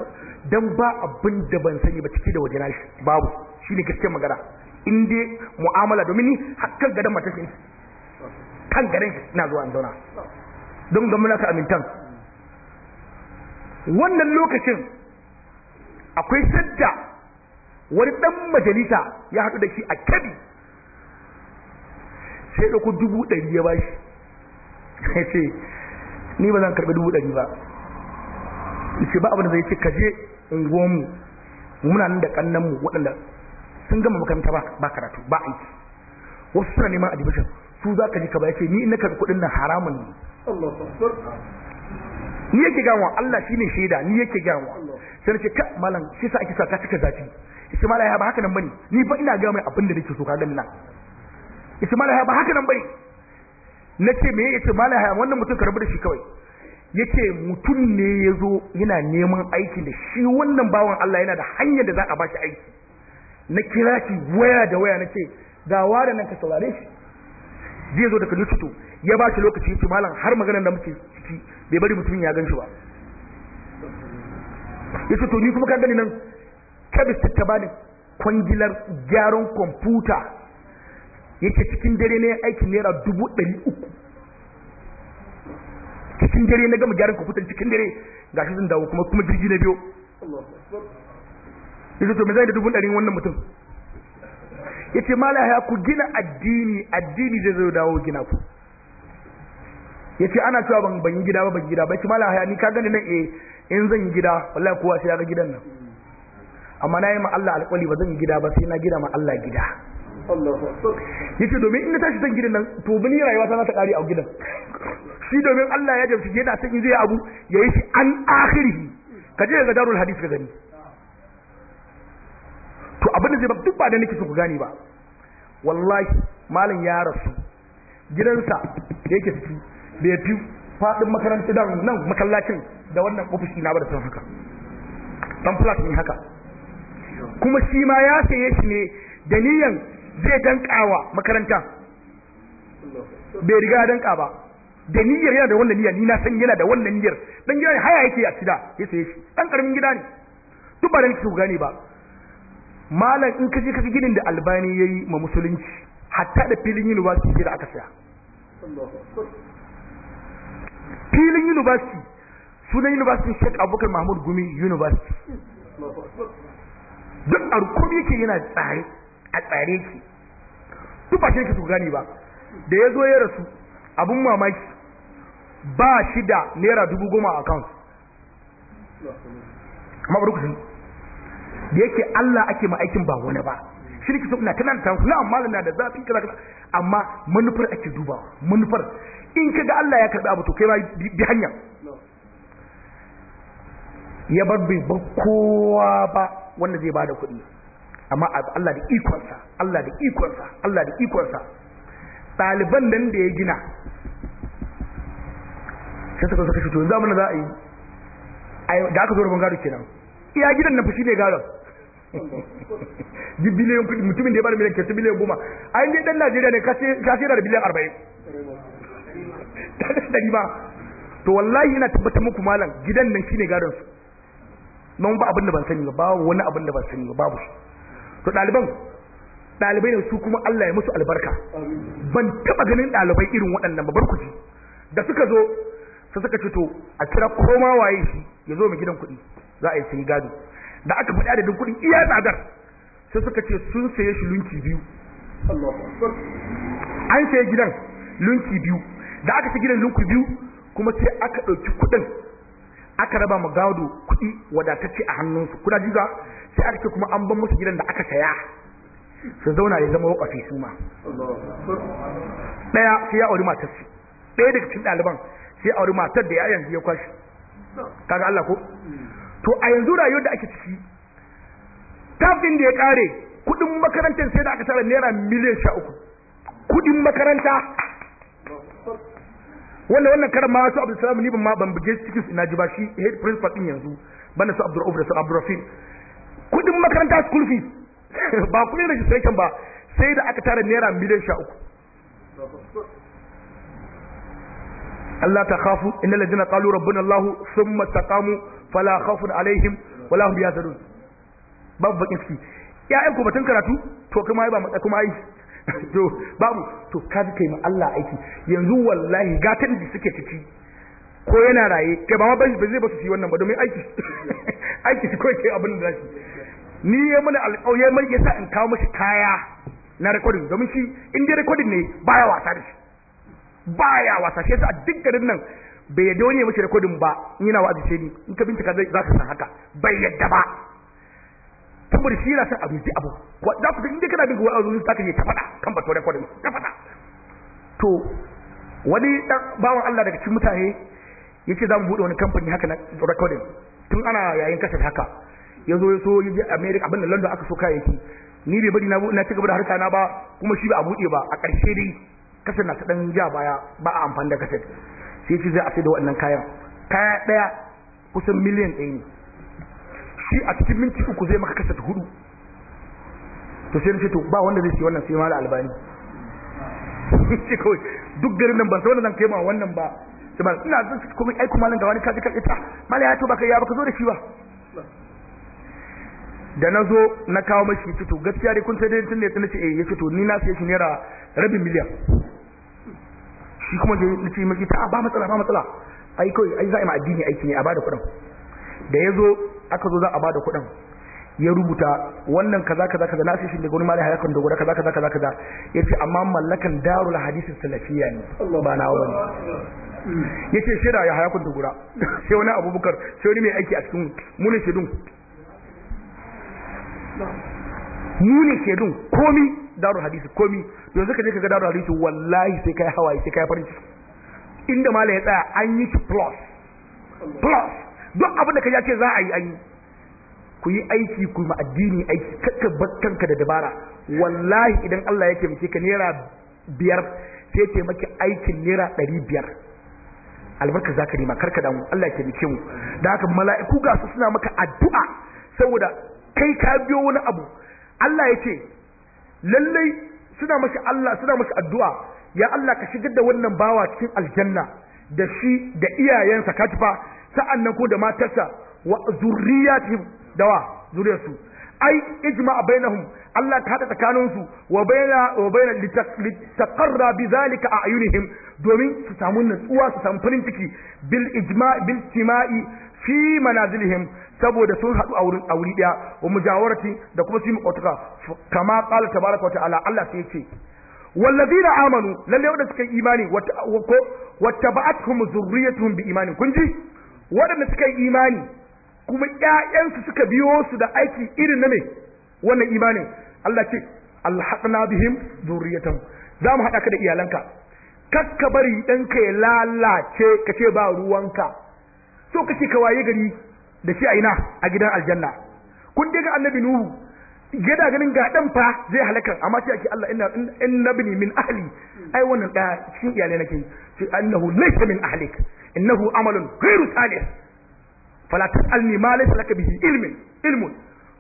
dan ba abin da ban sani ba ciki da waje na shi babu shine gaskiyar magana in dai mu'amala domin ni hakkan gadan matashin kan garin ina zuwa in zauna don ga muna ka amintan wannan lokacin akwai sadda wani dan majalisa ya haɗu da shi a kabi sai ɗauko dubu ɗari ya bashi ya ce ni ba zan karɓi dubu ɗari ba ce ba abin da zai ce kaje unguwanmu muna nan da ƙannanmu waɗanda sun gama makaranta ba karatu ba aiki wasu suna neman a admission su za ka ji ka ba ya ce ni ina karɓi kuɗin nan haramun ne ni yake gawa Allah shi ne shaida ni yake gawa sai ce ka malam shi sa ake sa ka cika zafi ma malam ya ba haka nan bane ni ba ina ga mai abin da nake so ka gani na. yace haya ba haka nan bane nace me yace haya wannan mutum ka da shi kawai yace mutum ne yazo yana neman aiki da shi wannan bawan Allah yana da hanyar da za a bashi aiki na kira shi waya da waya nace ga wada nan ka saurare shi zai zo daga lututu ya ba shi lokaci yace malam har maganar da muke ciki bai bari mutumin ya gan ba yace to ni kuma ka gani nan kabis ta bani kwangilar gyaran kwamfuta yake cikin dare ne aikin naira dubu ɗari uku cikin dare na gama gyaran kwamfutar cikin dare ga shi sun dawo kuma kuma jirgi na biyo yace to me zai da dubu ɗari wannan mutum yace mala ya ku gina addini addini zai zo dawo gina ku yace ana cewa ban ban gida ba ban gida ba yace mala ya ni ka gani nan eh in zan gida wallahi kowa sai ya ga gidan nan amma na yi ma Allah alƙawari ba zan gida ba sai na gida ma Allah gida yace domin in na tashi zan gidan nan to ni rayuwa ta ta kare a gidan shi domin Allah ya jamshi yana ta in zai abu yayi shi an akhirihi ka je ga darul hadith ka gani to abin da zai ba duk ba da nake so ku gane ba wallahi malam ya rasu gidansa da yake ciki da ya fi faɗin makaranta don nan makallacin da wannan ofishi na ba da san haka dan flat ne haka kuma shi ma ya saye shi ne da niyan zai wa makaranta bai riga ya danka ba da niyyar yana da wannan niyyar ni na san yana da wannan niyyar dan gidan haya yake a sida ya saye shi dan karamin gida ne duk ba da nake gane ba malam in ka je ka gidan da albani yayi ma musulunci hatta da filin university da aka saya filin university sunan university Sheikh Abubakar Mahmud Gumi University duk arkomi yake yana tsare a tsare ki duk ba shirka su gani ba da ya zo ya rasu abun mamaki ba shi da naira dubu goma a account amma ba rukunin da yake Allah ake ma aikin ba wani ba shirki su na tana da tanku na amma na da zafi kaza kaza amma manufar ake duba manufar in ka ga Allah ya karbi abu to kai ma bi hanya ya bar bai ba kowa ba wanda zai bada kuɗi amma Allah da ikonsa Allah da ikonsa Allah da ikonsa ɗaliban nan da ya gina sai suka suka fito yanzu na za a yi da aka zo rufin gado kenan iya gidan na fushi ne gadon di biliyan kudi mutumin da ya bada miliyan kyautu biliyan goma a yi dan najeriya ne ka shaida da biliyan arba'in dari ba, to wallahi yana tabbatar muku malam gidan nan shine gadon su don ba abin da ban sani ba wani abin da ban sani ba babu to ɗaliban ɗalibai ne su kuma Allah ya musu albarka ban taɓa ganin ɗalibai irin waɗannan babbar kuji da suka zo sai suka ce to a kira koma waye shi ya zo mu gidan kuɗi za a yi sai gado da aka faɗi adadin kuɗi iya tsadar sai suka ce sun saye shi lunki biyu an saye gidan lunki biyu da aka ci gidan lunki biyu kuma sai aka ɗauki kuɗin aka raba ma gado kuɗi wadatacce a hannunsu kuna jiga sai aka ce kuma an ban musu gidan da aka saya su zauna ya zama wakafi su ma daya sai ya auri matar su daya daga cikin ɗaliban sai ya auri matar da ya yanzu ya kwashi kaga Allah ko to a yanzu rayuwar da ake ciki tafin da ya kare kudin makarantar sai da aka tara naira miliyan sha uku kudin makaranta wanda wannan karan ma su Abdul Salamu ni ban ma ban buge cikin su ji ba shi head principal din yanzu bana su Abdul da su Abdul kudin makaranta school fees ba kudin registration ba sai da aka tara naira miliyan sha uku Allah ta khafu innal ladina qalu rabbuna Allah thumma taqamu fala khawfun alaihim wala hum yahzanun babu bakin ciki ya'yan ba batun karatu to kuma ai ba matsa kuma ai to babu to ji kai ma Allah aiki yanzu wallahi gatan da suke ciki ko yana raye kai ba ma ba zai ba su yi wannan ba domin aiki aiki ko kai abin da zai ni ya mana alƙawari ya mai yasa in kawo mashi kaya na recording domin shi in dai recording ne baya wasa da shi baya wasa shi yasa a duk garin nan bai yadda wani ya mashi recording ba yana wa'azi sai ni in ka bincika za ka san haka bai yadda ba saboda shi yana son abu rubuci abu za ku in dai kana bin wa'azi za ka je ta faɗa kan bato recording ta faɗa to wani ɗan bawan Allah daga cikin mutane yace za mu buɗe wani kamfani haka na recording tun ana yayin kasar haka ya zo ya so ya je America abin da London aka so kayayyaki ni bai bari na ci gaba da harka na ba kuma shi ba a buɗe ba a ƙarshe dai kasar na ta ɗan ja baya ba a amfani da kasar sai shi zai a sai da waɗannan kayan kaya ɗaya kusan miliyan ɗaya ne shi a cikin minti uku zai maka kasar hudu to sai ce to ba wanda zai ce wannan sai ma da albani duk garin nan ban san wannan zan kai ma wannan ba sai ina zan kuma ai kuma ga wani kaji ka ita malam ya to baka ya baka zo da shi ba da na zo na kawo mashi fito to gaskiya dai kun sai dai tun da ya ce eh ya to ni na sai shi naira rabin miliyan shi kuma da ya ce ta ah, ba matsala ba matsala ai kawai ai za a yi ma addini aiki ne a bada kuɗin da ya zo aka zo za a bada kuɗin ya rubuta wannan kaza kaza kaza na sai shi daga wani malai hayakan gura kaza kaza kaza kaza yace amma mallakan darul hadisi salafiyya ne ba na wani yace shira ya hayakan gura sai wani abubakar sai wani mai aiki a cikin munin shidun. mu ne ke dun komi daru hadisi komi yanzu ka je ka ga daru hadisi wallahi sai kai hawaye sai kai farin ciki inda mala ya tsaya an yi ki plus plus duk abin da ka ce za a yi an yi ku yi aiki ku ma addini aiki kakka ka da dabara wallahi idan Allah ya taimake ka naira biyar sai taimake aikin naira ɗari biyar albarka za ka nema karka damu Allah ya taimake mu da haka mala'iku ga su suna maka addu'a saboda kai ka biyo wani abu Allah ya ce lallai suna mashi Allah suna mashi addu'a ya Allah ka shigar da wannan bawa cikin aljanna da shi da iyayensa ka tufa sa'annan ko da matarsa wa zurriyatihim da wa zuriyarsu ai ijma'a bainahum Allah ta hada tsakaninsu wa baina wa baina litaqarra bidhalika a'yunihim domin su samu natsuwa su samu farin ciki bil ijma' bil tima'i fi manazilihim saboda sun haɗu a wurin auri wuri daya wa mujawarati da kuma su makwataka kama qala tabaraka wa ta'ala Allah sai ce wallazina amanu lalle wanda suka yi imani ko wattaba'atuhum zurriyatuhum bi imani kun ji waɗanda suka yi imani kuma ƴaƴansu suka biyo su da aiki irin na me wannan imani Allah ce alhaqna bihim zurriyatuhum za mu haɗa ka da iyalanka kakka bari ka ya lalace ka ce ba ruwanka to kake ka waye gari da shi a ina a gidan aljanna kun dai ga annabi nuhu gida ganin ga dan fa zai halaka amma sai ake Allah inna innabni min ahli ai wannan da cikin iyalai nake fi annahu laysa min ahlik innahu amalun ghairu salih fala tasalni ma laysa laka bihi ilmin ilmun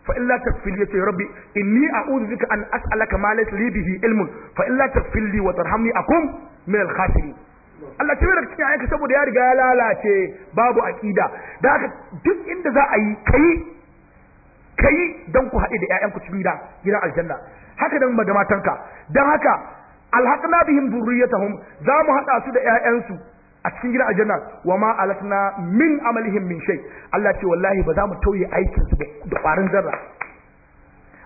fa illa takfil ya rabbi inni a'udhu bika an as'alaka ma laysa li bihi ilmun fa illa takfil li wa tarhamni akum min al khasirin Allah ce daga cikin ayyuka saboda ya riga ya lalace babu aƙida, da haka duk inda za a yi kai kai don ku haɗe da 'ya'yanku cikin gida gidan aljanna haka dan da matanka dan haka alhaqna bihim dhurriyyatahum za mu haɗa su da 'ya'yansu a cikin gidan aljanna wa ma alatna min amalihim min shay Allah ce wallahi ba za mu tauye aikin su da ƙwarin zarra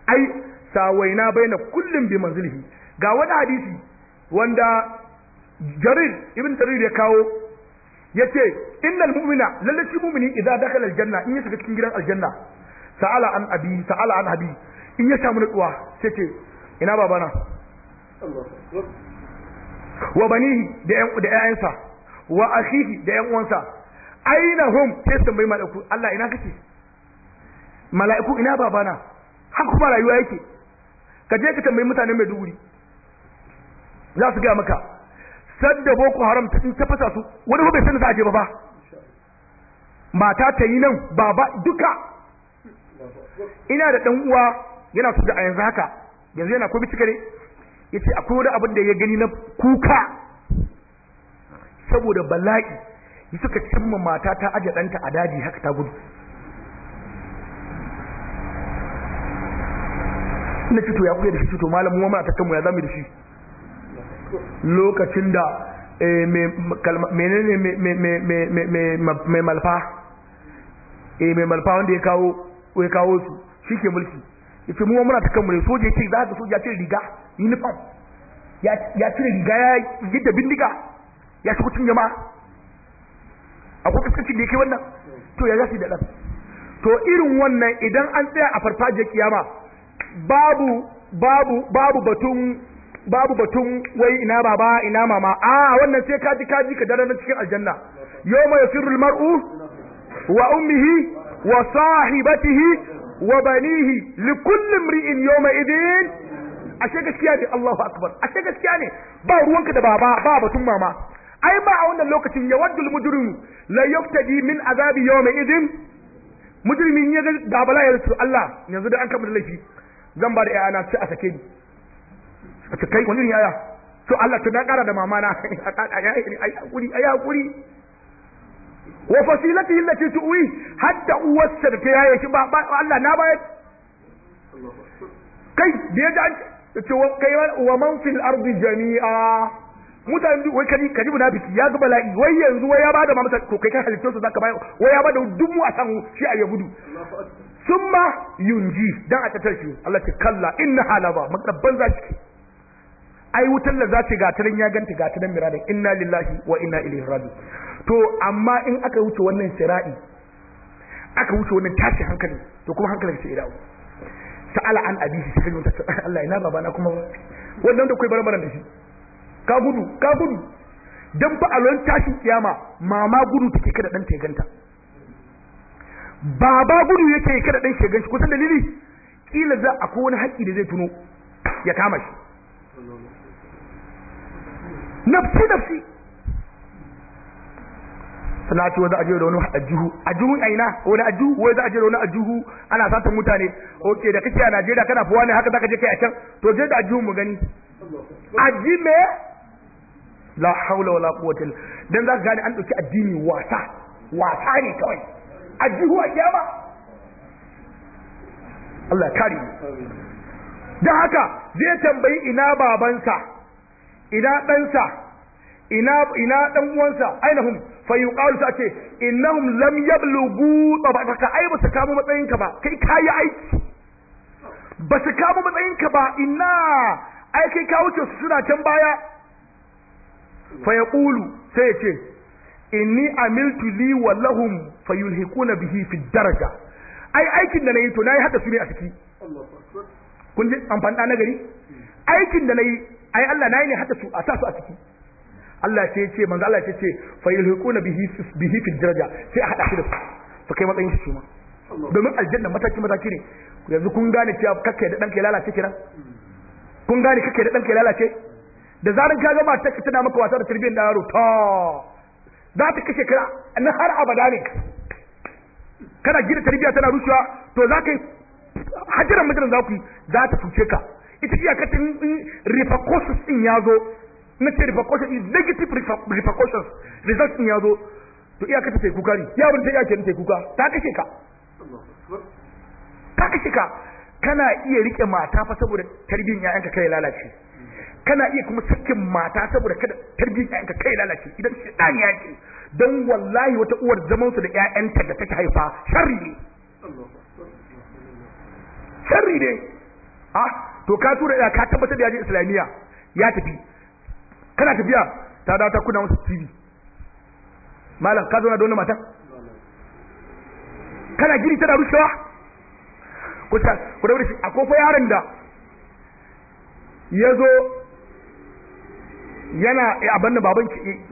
ai sawaina baina kullum bi manzilihi ga wani hadisi wanda jarir ibn jarir ya kawo ya yace innal mu'mina lalle shi mu'mini idan dakala aljanna in ya shiga cikin gidan aljanna ta'ala an abi ta'ala an abi in ya samu nutsuwa sai ce ina babana wa banihi da ƴan da ƴaƴansa wa akhihi da ƴan uwansa ainahum sai tambayi mala'iku Allah ina kake mala'iku ina babana haka kuma rayuwa yake ka je ka tambayi mutane mutanen Maiduguri za su ga maka sadda boko haram ta in tafasa su wani ba bai sani za a je ba mata ta yi nan baba duka ina da dan uwa yana su da a yanzu haka yanzu yana ko bitika ne yace akwai wani abin da ya gani na kuka saboda bala'i yi suka cimma mata ta aje ɗanta a daji haka ta gudu na fito ya kuya da shi fito malamin wa ta kanmu ya zamu da shi lokacin da menene mai malfa mai malfa wanda ya kawo ya kawo su shi ke mulki yace muwa muna ta kanmu ne soja ce za ka soja cire riga uniform ya ya cire riga ya yi da bindiga ya shi kutun jama'a kuka kaskancin da ke wannan to ya zafi da ɗan to irin wannan idan an tsaya a farfajiyar kiyama babu babu babu batun babu batun wai ina baba ina mama a wannan sai kaji kaji ka dare na cikin aljanna yawma yasirul mar'u wa ummihi wa sahibatihi wa banihi li kulli imri'in yawma idin ashe gaskiya ne Allahu akbar ashe gaskiya ne ba ruwanka da baba ba batun mama ai ba a wannan lokacin yawaddul mujrimu la yaftadi min azabi yawma idin mujrimin ya ga bala ya rasu Allah yanzu da an kama laifi zan ba da ƴaƴana sai a sake ni ce kai wani ne yaya to Allah ta dan kara da mama na ai hakuri ai hakuri wa fasilatihi allati tuwi hatta uwassar ta yaye shi ba Allah na bayar kai da ya ji ce kai wa man fil ardi jami'a mutane wai kadi, kaji na munafiki ya ga bala'i wai yanzu wai ya bada mamata to kai kai halittun su zaka bayar wai ya bada dubu a samu shi a yabudu summa yunji dan a tattar shi Allah ta kalla inna halaba makabban zaki ai wutar da za ta gatarin ya ganta gatarin miradin inna lillahi wa inna ilaihi raji to amma in aka wuce wannan sira'i aka wuce wannan tashi hankali to kuma hankalin sai dawo sa'ala an abisi sai kaga Allah ina babana kuma wannan da kai barbaran da shi ka gudu ka gudu dan fa a lon tashin kiyama mama gudu take kada dan ta ganta baba gudu yake kada dan shegan shi kusan dalili kila za akwai wani haƙƙi da zai tuno ya kama shi nafsi nafsi sana ce wanda aje da wani ajihu ajihu aina wani ajihu wai za a je da wani ajihu ana satan mutane ok da kake a Najeriya kana fuwa ne haka zaka je kai a can to je da ajihu mu gani aji me la haula wala quwwata illa dan zaka gane an dauki addini wasa wasa ne kawai ajihu a kiyama Allah kare da haka zai tambayi ina babansa ina ɗansa ina ina dan uwansa ainahum fa yuqalu sa ce innahum lam yablughu tabaka ai ba su kamo ka ba kai kayi aiki ba su kamo ka ba inna ai kai ka wuce su suna can baya fa yaqulu sai ya ce inni amiltu li wa lahum fayulhiquna bihi fi daraja ai aikin da nayi to nayi haka su ne a ciki kun ji amfani da nagari aikin da nayi ai Allah nayi ne hada su a sa su a ciki Allah ce ce manzo Allah ce ce fa yulhiquna bihi bihi fil daraja sai a hada shi da su fa kai matsayin shi kuma domin aljanna mataki mataki ne yanzu kun gane cewa kake da danka ya lalace kenan kun gane kake da danka ya lalace da zaran ka ga matar ka tana maka wasa da tarbiyyar da yaro to za ta kashe ka na har abada ne kana gida tarbiyya tana rushewa to za ka yi hajjiran mutum za ku yi za ta cuce ka ita iyakacin repercussions din ya zo na ce repercussions is negative repercussions results din ya zo to iyakacin sai kuka ne yaron ta iyakacin sai kuka ta kashe ka ta kashe ka kana iya rike mata fa saboda tarbiyyar ka kai lalace kana iya kuma sakin mata saboda kada tarbiyyar ka kai lalace idan shi dan ya ce dan wallahi wata uwar zaman su da ta da take haifa sharri ne sharri ne ah to ka tura ya ka tabbatar da ya je islamiyya ya tafi kana tafiya ta dawo ta kuna musu tv malam ka zauna na wannan matan kana giri tana rushewa ku ta ku da shi a kofa yaron da ya zo yana eh, a banna baban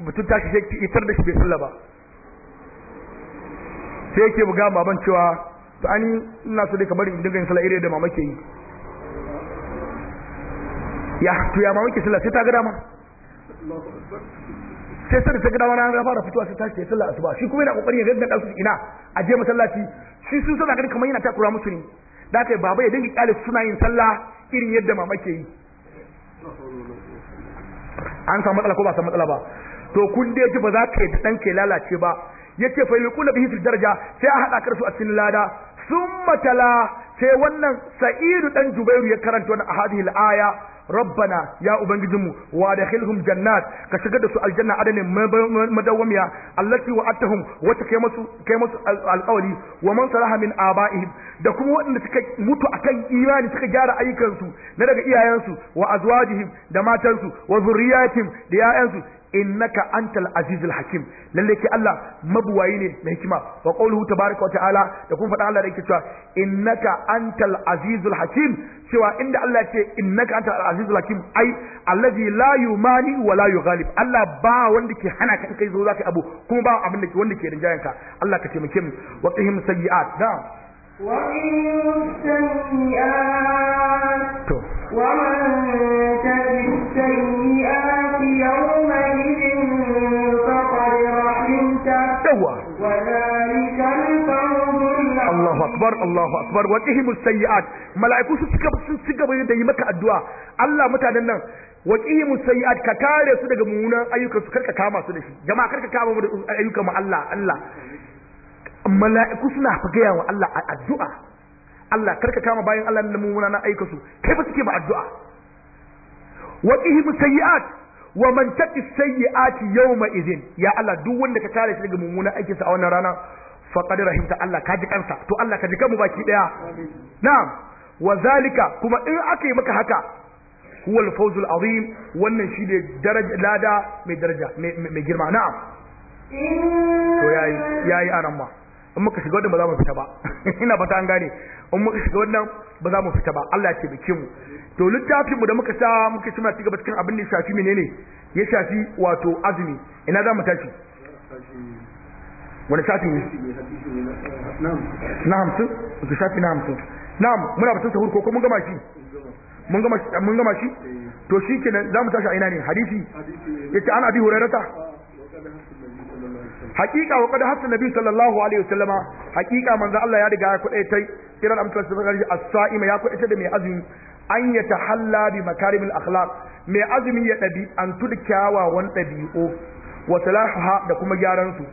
mutum tashi sai itar da shi bai sallah ba sai yake buga baban cewa to ani ina so dai ka bari in dinga yin sallah ire da mama ke yi ya to ya mamaki sallah sai ta ga dama sai sai ta ga dama na fara fitowa sai ta ce sallah asuba shi kuma yana kokari ya gaggada su ina a je masallaci shi sun suna ganin kamar yana kura musu ne da kai baba ya dinga kyale suna yin sallah irin yadda mama ke yi an samu matsala ko ba samu matsala ba to kun dai ji ba za ka yi da ɗan ke lalace ba yace fa yuqulu bihi fil daraja sai a hada karsu a cikin lada summa tala sai wannan sa'idu dan jubairu ya karanta wannan al aya rabbana ya ubangijinmu wa hilhum jannat ka shigar da su aljanna adanin madawamiya allati wa'adtahum wata kai masu alkawari alƙawari wa man salaha min aba'ihim da kuma waɗanda suka mutu akan imani suka gyara ayyukansu na daga iyayensu wa azwajihim da matansu wa zurriyatihim da 'ya'yansu innaka antal azizul hakim lalle ke Allah mabuwayi ne mai hikima wa qawluhu tabaaraka wa ta'ala da kun faɗa Allah da yake cewa innaka antal azizul hakim cewa inda Allah ya ce innaka antal azizul hakim ai allazi la yumani wa la yughalib Allah ba wanda ke hana ka kai zo zaka abu kuma ba abin da ke wanda ke rinjayanka Allah ka taimake mu wa qihim sayyi'at na'am وقيل السيئات ومن تجد السيئات Allahu akbar wa sayyi'at mala'iku su da yi maka addu'a Allah mutanen nan wa qihim sayyi'at ka kare su daga mummunan ayyukan su karka kama su da shi jama'a karka kama mu da ayyukan mu Allah Allah mala'iku suna gaya wa Allah a addu'a Allah karka kama bayan Allah da mummuna na aika su kai ba suke ma addu'a wa qihim sayyi'at wa man taqi yau ma izin. ya Allah duk wanda ka tare shi daga mummuna aikinsa a wannan rana faqad rahimta Allah ka ji kansa to Allah ka ji mu baki daya na'am wa zalika kuma in aka yi maka haka huwa al-fawzul azim wannan shi ne daraja lada mai daraja mai girma na'am to yayi yayi aran in muka shiga wannan ba za mu fita ba ina fata an gane in muka shiga wannan ba za mu fita ba Allah ya taimake mu to littafin mu da muka sa muka ci ci gaba cikin abin da ya shafi menene ya shafi wato azumi ina za mu tashi wani shafi ne na hamsin ku shafi na hamsin na muna batun sahur ko mun gama shi mun gama mun gama shi to shikenan za mu tashi a ina ne hadisi yace an abi hurairata ah, haqiqa wa qad hasan nabi sallallahu alaihi wasallama haqiqa manzo Allah ya riga ya kudaitai kiran amsal sabari as-sa'ima ya kudaitai da mai azumi an yatahalla bi makarimil akhlaq mai azumi ya dabi an tudkyawa wan dabi'u wa da kuma gyaran su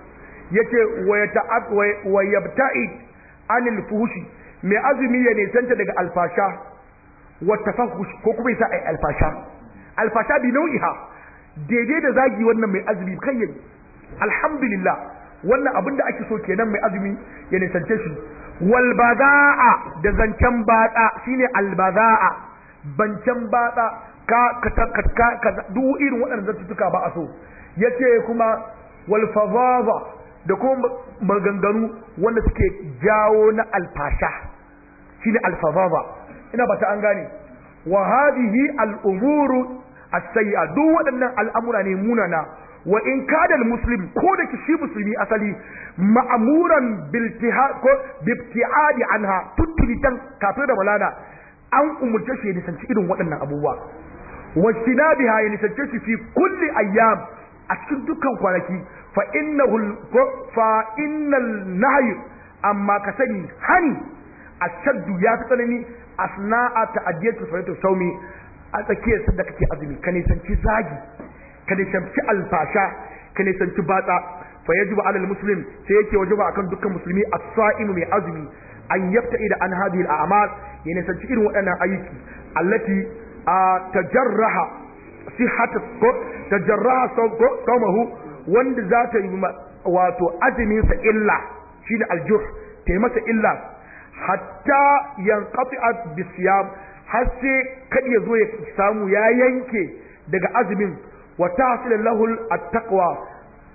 yace wa yata'ab wa yabta'id anil fuhushi mai azumi ya nisanta daga alfasha wa tafahush ko kuma yasa ai alfasha alfasha bi nau'iha daidai da zagi wannan mai azumi kan yayi alhamdulillah wannan abin da ake so kenan mai azumi ya nisance shi wal baza'a da zancen batsa shine al baza'a bancen batsa ka ka ka ka duk irin waɗannan zantuttuka ba a so yace kuma wal fazaza da kuma maganganu wanda suke jawo na alfasha shine al fazaza ina ba ta an gane wa hadhihi al umuru as-sayyi'a duk waɗannan al'amura ne munana wa in kada muslim ko da shi musulmi asali ma'amuran bibti'adi anha tuttunitan kafin da balana an umurce shi ya nisanci irin waɗannan abubuwa wajtina biha ya nisance shi fi kulli ayyam a cikin dukkan kwanaki fa innahu fa innal nahy amma ka sani hani ashaddu ya fi tsanani ta ta'adiyatu salatu sawmi a tsakiyar da kake azumi ka nisanci zagi ka nisanci alfasha ka nisanci batsa fa yajibu alal muslim sai yake wajaba akan dukkan musulmi as-sa'im mai azumi an yabta'i da an hadhihi al-a'mal ya nisanci irin waɗannan ayyuki allati tajarraha sihhat tajarraha sawmahu wanda za ta yi wato azumin sa illa shine al-juh ta masa illa hatta yanqati'a bisiyam har sai kadi ya zo ya samu ya yanke daga azumin wa tahsil lahu at-taqwa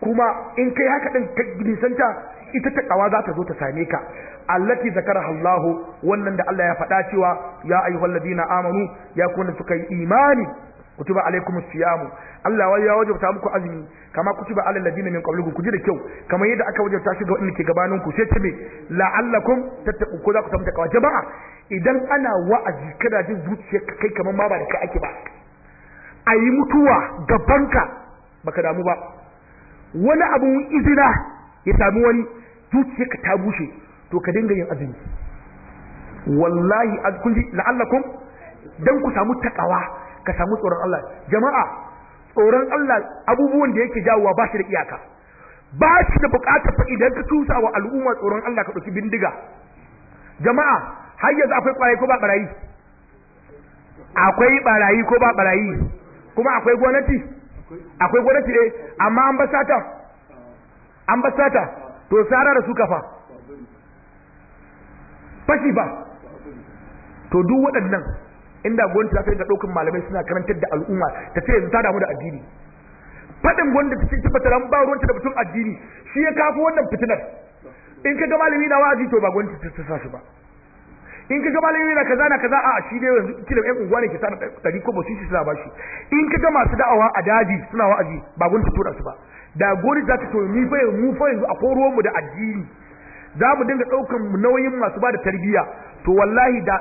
kuma in kai haka ɗin ka nisanta ita ƙawa za ta zo ta same ka allati zakara allahu wannan da Allah ya faɗa cewa ya ayyuhalladhina amanu ya kuna suka yi imani kutuba alaikumus siyamu Allah wai ya wajabta muku azumi kama kutuba alal ladina min qablikum ku ji da kyau kamar yadda aka wajabta shi ga wanda ke gabanin ku sai ta me la'allakum tattaqu ko za ku samu takawa jama'a idan ana wa'azi kada jin zuciyar kai kamar ma ba da kai ake ba a yi mutuwa gabanka baka damu ba wani abun izina ya sami wani zuciya ka ta bushe to ka dinga yin azumi wallahi azkunji la'allakum dan ku samu takawa ka samu tsoron Allah jama'a tsoron Allah abubuwan da yake jawowa ba shi da iyaka ba shi da bukatar fa idan ka tusa wa al'umma tsoron Allah ka dauki bindiga jama'a har yanzu akwai ɓarayi ko ba barayi akwai barayi ko ba barayi kuma akwai gwamnati akwai gwamnati ne? amma an basata an basata to sara da su kafa fashi ba to duk waɗannan inda gwamnati za ta rika ɗaukar malamai suna karantar da al'umma ta ce yanzu ta damu da addini faɗin gwamnati ta ce fataran ba ruwanta da mutum addini shi ya kafa wannan fitinar in ka ga malami na wazi to ba gwamnati ta sa shi ba in kaga malami yana kaza na kaza a shi dai yanzu kila ɗan unguwa ne ke sa ɗari ko basu suna ba shi in kaga masu da'awa a daji suna wa'azi ba gwani ta tura su ba da gori za ta to ni mu fa yanzu a koruwan mu da addini za mu dinga ɗaukan nauyin masu ba da tarbiyya to wallahi da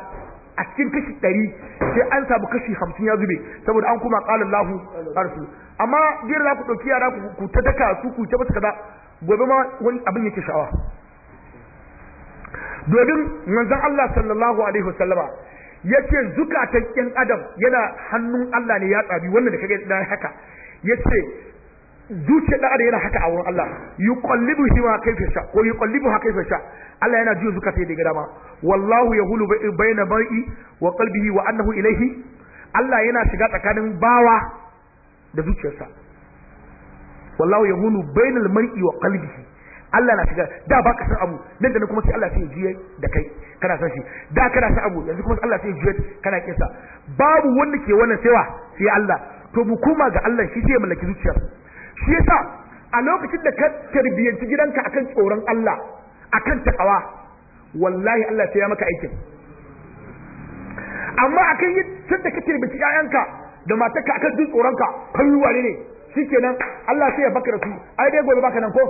a cikin kashi ɗari sai an samu kashi hamsin ya zube saboda an kuma ƙalin lahu arsu amma jira za ku ɗauki yara ku ta daka su ku ta basu kaza gobe ma wani abin yake sha'awa domin manzon Allah sallallahu alaihi wasallama yace zukatan ƴan adam yana hannun Allah ne ya tsabi wannan da kage dan haka yace zuciyar da adam yana haka a wurin Allah yuqallibu hima kayfa sha ko yuqallibu ha kayfa sha Allah yana juya zukata daga dama wallahu yahulu baina bai'i wa qalbihi wa annahu ilayhi Allah yana shiga tsakanin bawa da zuciyarsa wallahu yahulu bainal mar'i wa qalbihi Allah na shiga da baka san abu nan da kuma sai Allah sai juye da kai kana san shi da kana san abu yanzu kuma sai Allah sai juye kana kinsa babu wanda ke wannan saiwa sai Allah to mu kuma ga Allah shi zai mallaki zuciyar shi yasa a lokacin da ka tarbiyyanci gidanka akan tsoron Allah akan takawa wallahi Allah sai ya maka aikin amma akan yi da ka tarbiyyanci ƴaƴanka da matarka akan jin tsoronka kai wane ne shikenan Allah sai ya baka da su ai dai gobe baka nan ko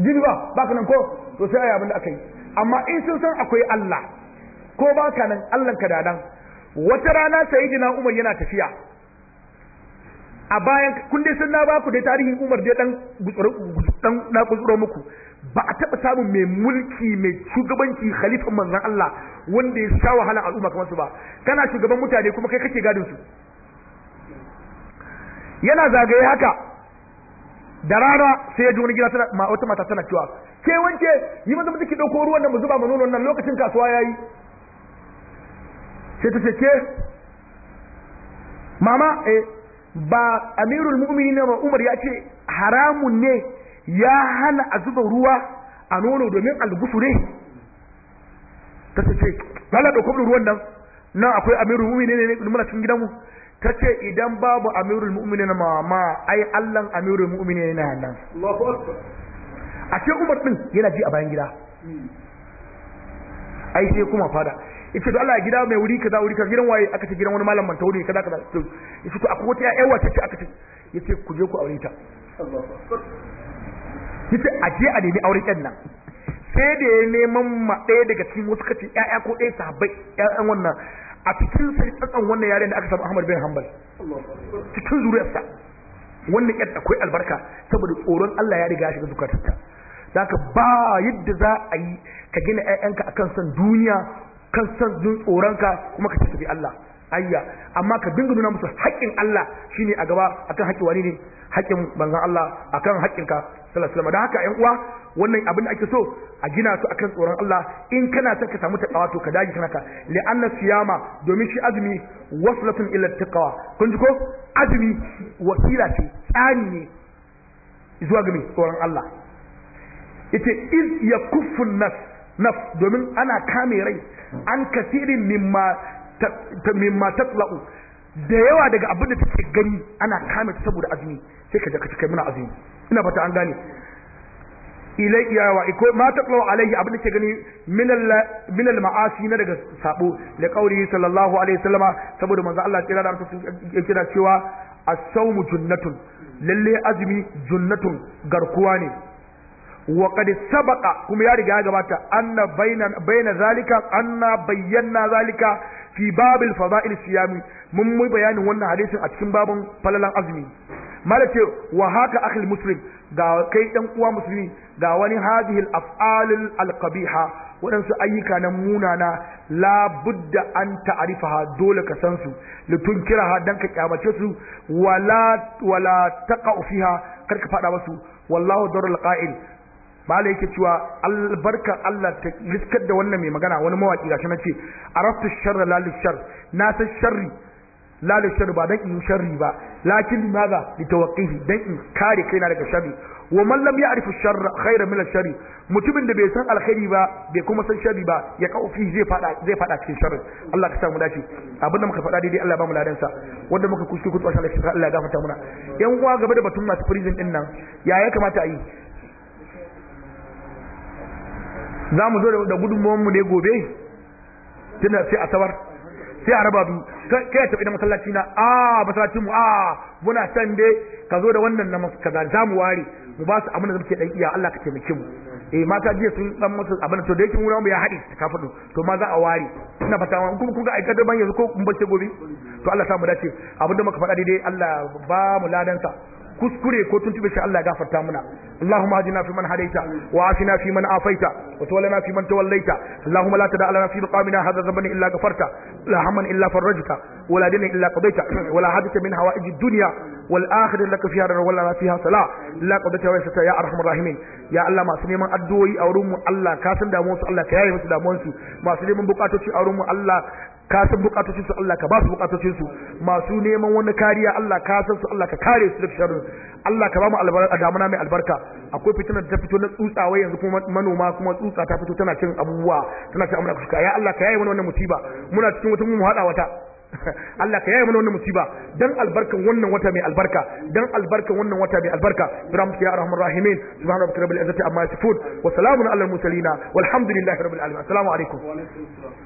jibi ba ba ka nan ko to sai ayi abin da aka yi amma in sun san akwai Allah ko ba ka nan Allah ka da wata rana sai jina Umar yana tafiya a bayan kun dai sun na ba ku dai tarihin Umar dai dan dan na muku ba a taɓa samun mai mulki mai shugabanci khalifan manzon Allah wanda ya sha wahala al'umma kamar su ba kana shugaban mutane kuma kai kake gadin su yana zagaye haka da rana sai ya ji wani gida tana wata mata tana cewa ke wanke yi maza mu ki dauko ruwan nan mu zuba mu nonon nan lokacin kasuwa yayi sai ta ce ke mama eh ba amirul mu'minin ba umar ya ce haramun ne ya hana a zuba ruwa a nono domin algusu ne ta ce ce lalla dauko ruwan nan nan akwai amirul mu'minin ne muna cikin gidanmu ta ce idan babu amirul mu'minin mama ai allan amirul mu'minin yana nan a ce umar din yana ji a bayan gida hmm. ai sai kuma fada yace to Allah gida mai wuri kaza wuri kaza gidan waye aka ce gidan wani malam manta wuri kaza kaza to yace to akwai wata ƴaƴa wace ce aka ce yace ku je ku aure ta yace a je a nemi aure ƴan nan sai da ya neman ma ɗaya daga cikin wasu kace ƴaƴa ko ɗaya sahabbai ƴaƴan wannan a cikin sai tsatsan wannan yaren da aka samu Ahmad bin Hanbal cikin zuriyarsa wannan yar akwai albarka saboda tsoron Allah ya riga shi shiga zukatarta ka ba yadda za a yi ka gina ƴaƴanka akan san duniya kan san tsoronka kuma ka tafi Allah ayya amma ka dinga nuna musu haƙƙin Allah shine a gaba akan haƙƙi wani ne haƙƙin manzon Allah akan haƙƙin ka sallallahu alaihi wasallam haka ƴan uwa wannan abin da ake so a gina su akan tsoron Allah in kana son ka samu takawa to ka dage kana ka li'anna siyama domin shi azumi waslatun ila taqwa kun ji ko azumi wasila ce tsani ne zuwa ga tsoron Allah yace iz yakuffu nas naf domin ana kame rai an kasirin mimma ta mimma tatla'u da yawa daga abin da take gani ana kame ta saboda azumi sai ka kai muna azumi ina fata an gane ilai iyawa iko ma taqlaw alaihi abin da ke gani min al ma'asi na daga sabo da kauri sallallahu alaihi wasallama saboda manzo Allah kira da ya kira cewa as-sawmu junnatun lalle azumi junnatun garkuwa ne wa qad kuma ya riga ya gabata anna bayna bayna zalika anna bayyana zalika fi babil fada'il siyami mun mai bayanin wannan hadisin a cikin babun falalan azumi malace ce wa haka akhil muslim ga kai dan uwa musulmi ga wani hadhihi al af'al al qabiha wadansu ayyuka na munana la budda an ta'rifaha dole ka san su litun kiraha dan ka kyamace su wala wala taqa fiha kar ka fada wasu wallahu darul qa'il bala yake cewa albarka Allah ta riskar da wannan mai magana wani mawaki gashi na ce araftu sharra lalu shar na san sharri lalu shar ba dan in sharri ba lakin limaza li tawqihi dan in kare kaina daga sharri wa man lam ya'rifu sharra khayra min sharri mutumin da bai san alkhairi ba bai kuma san sharri ba ya kaufi zai fada zai fada cikin sharri Allah ka sa mu dace abin da muka faɗa daidai Allah ba mu ladan sa wanda muka kuskure kutu Allah ya gafarta muna yan uwa gaba da batun masu prison din nan ya ya kamata a yi za mu zo da gudunmuwanmu ne gobe tunda sai tawar sai a raba biyu kai ya tafi da masallaci na a masallacin mu a muna san dai ka zo da wannan na kaza za mu ware mu ba su abin da muke dan iya Allah ka taimake mu eh mata jiya sun dan musu abin to da yake mu ya hadi ka fado to ma za a ware ina fata ma kuma ga aikata ban yanzu ko mun bace gobe to Allah sa mu dace abin da muka faɗa dai-dai Allah ba mu ladan sa kuskure ko tuntube shi Allah ya gafarta muna اللهم اهدنا فيمن هديت وعافنا فيمن عافيت وتولنا فيمن توليت اللهم لا تدع لنا في مقامنا هذا ذنبا الا غفرته ولا هما الا فرجته ولا دينا الا قضيته ولا حاجه من حوائج الدنيا والآخر لك فيها رر ولا فيها صلاة لا قدرت ويسا يا أرحم الراحمين يا الله ما سنيما أدوي أورم الله كاسن دامونس الله كياي مس دامونس ما سنيما بقاتو تي أورم الله ka san bukatocin su Allah ka ba su bukatocin su masu neman wani kariya Allah ka san su Allah ka kare su daga sharrin Allah ka ba mu albarka damuna mai albarka akwai fitinar da ta fito na tsutsawa yanzu kuma manoma kuma tsutsa ta fito tana cin abubuwa tana cin amana kuka ya Allah ka yaye mana wannan musiba muna cikin wata mu hada wata Allah ka yaye mana wannan musiba dan albarkan wannan wata mai albarka dan albarkan wannan wata mai albarka rahmatuka ya arhamar rahimin subhana rabbika rabbil izzati amma yasifun wa salamun alal mursalin walhamdulillahi rabbil alamin assalamu alaikum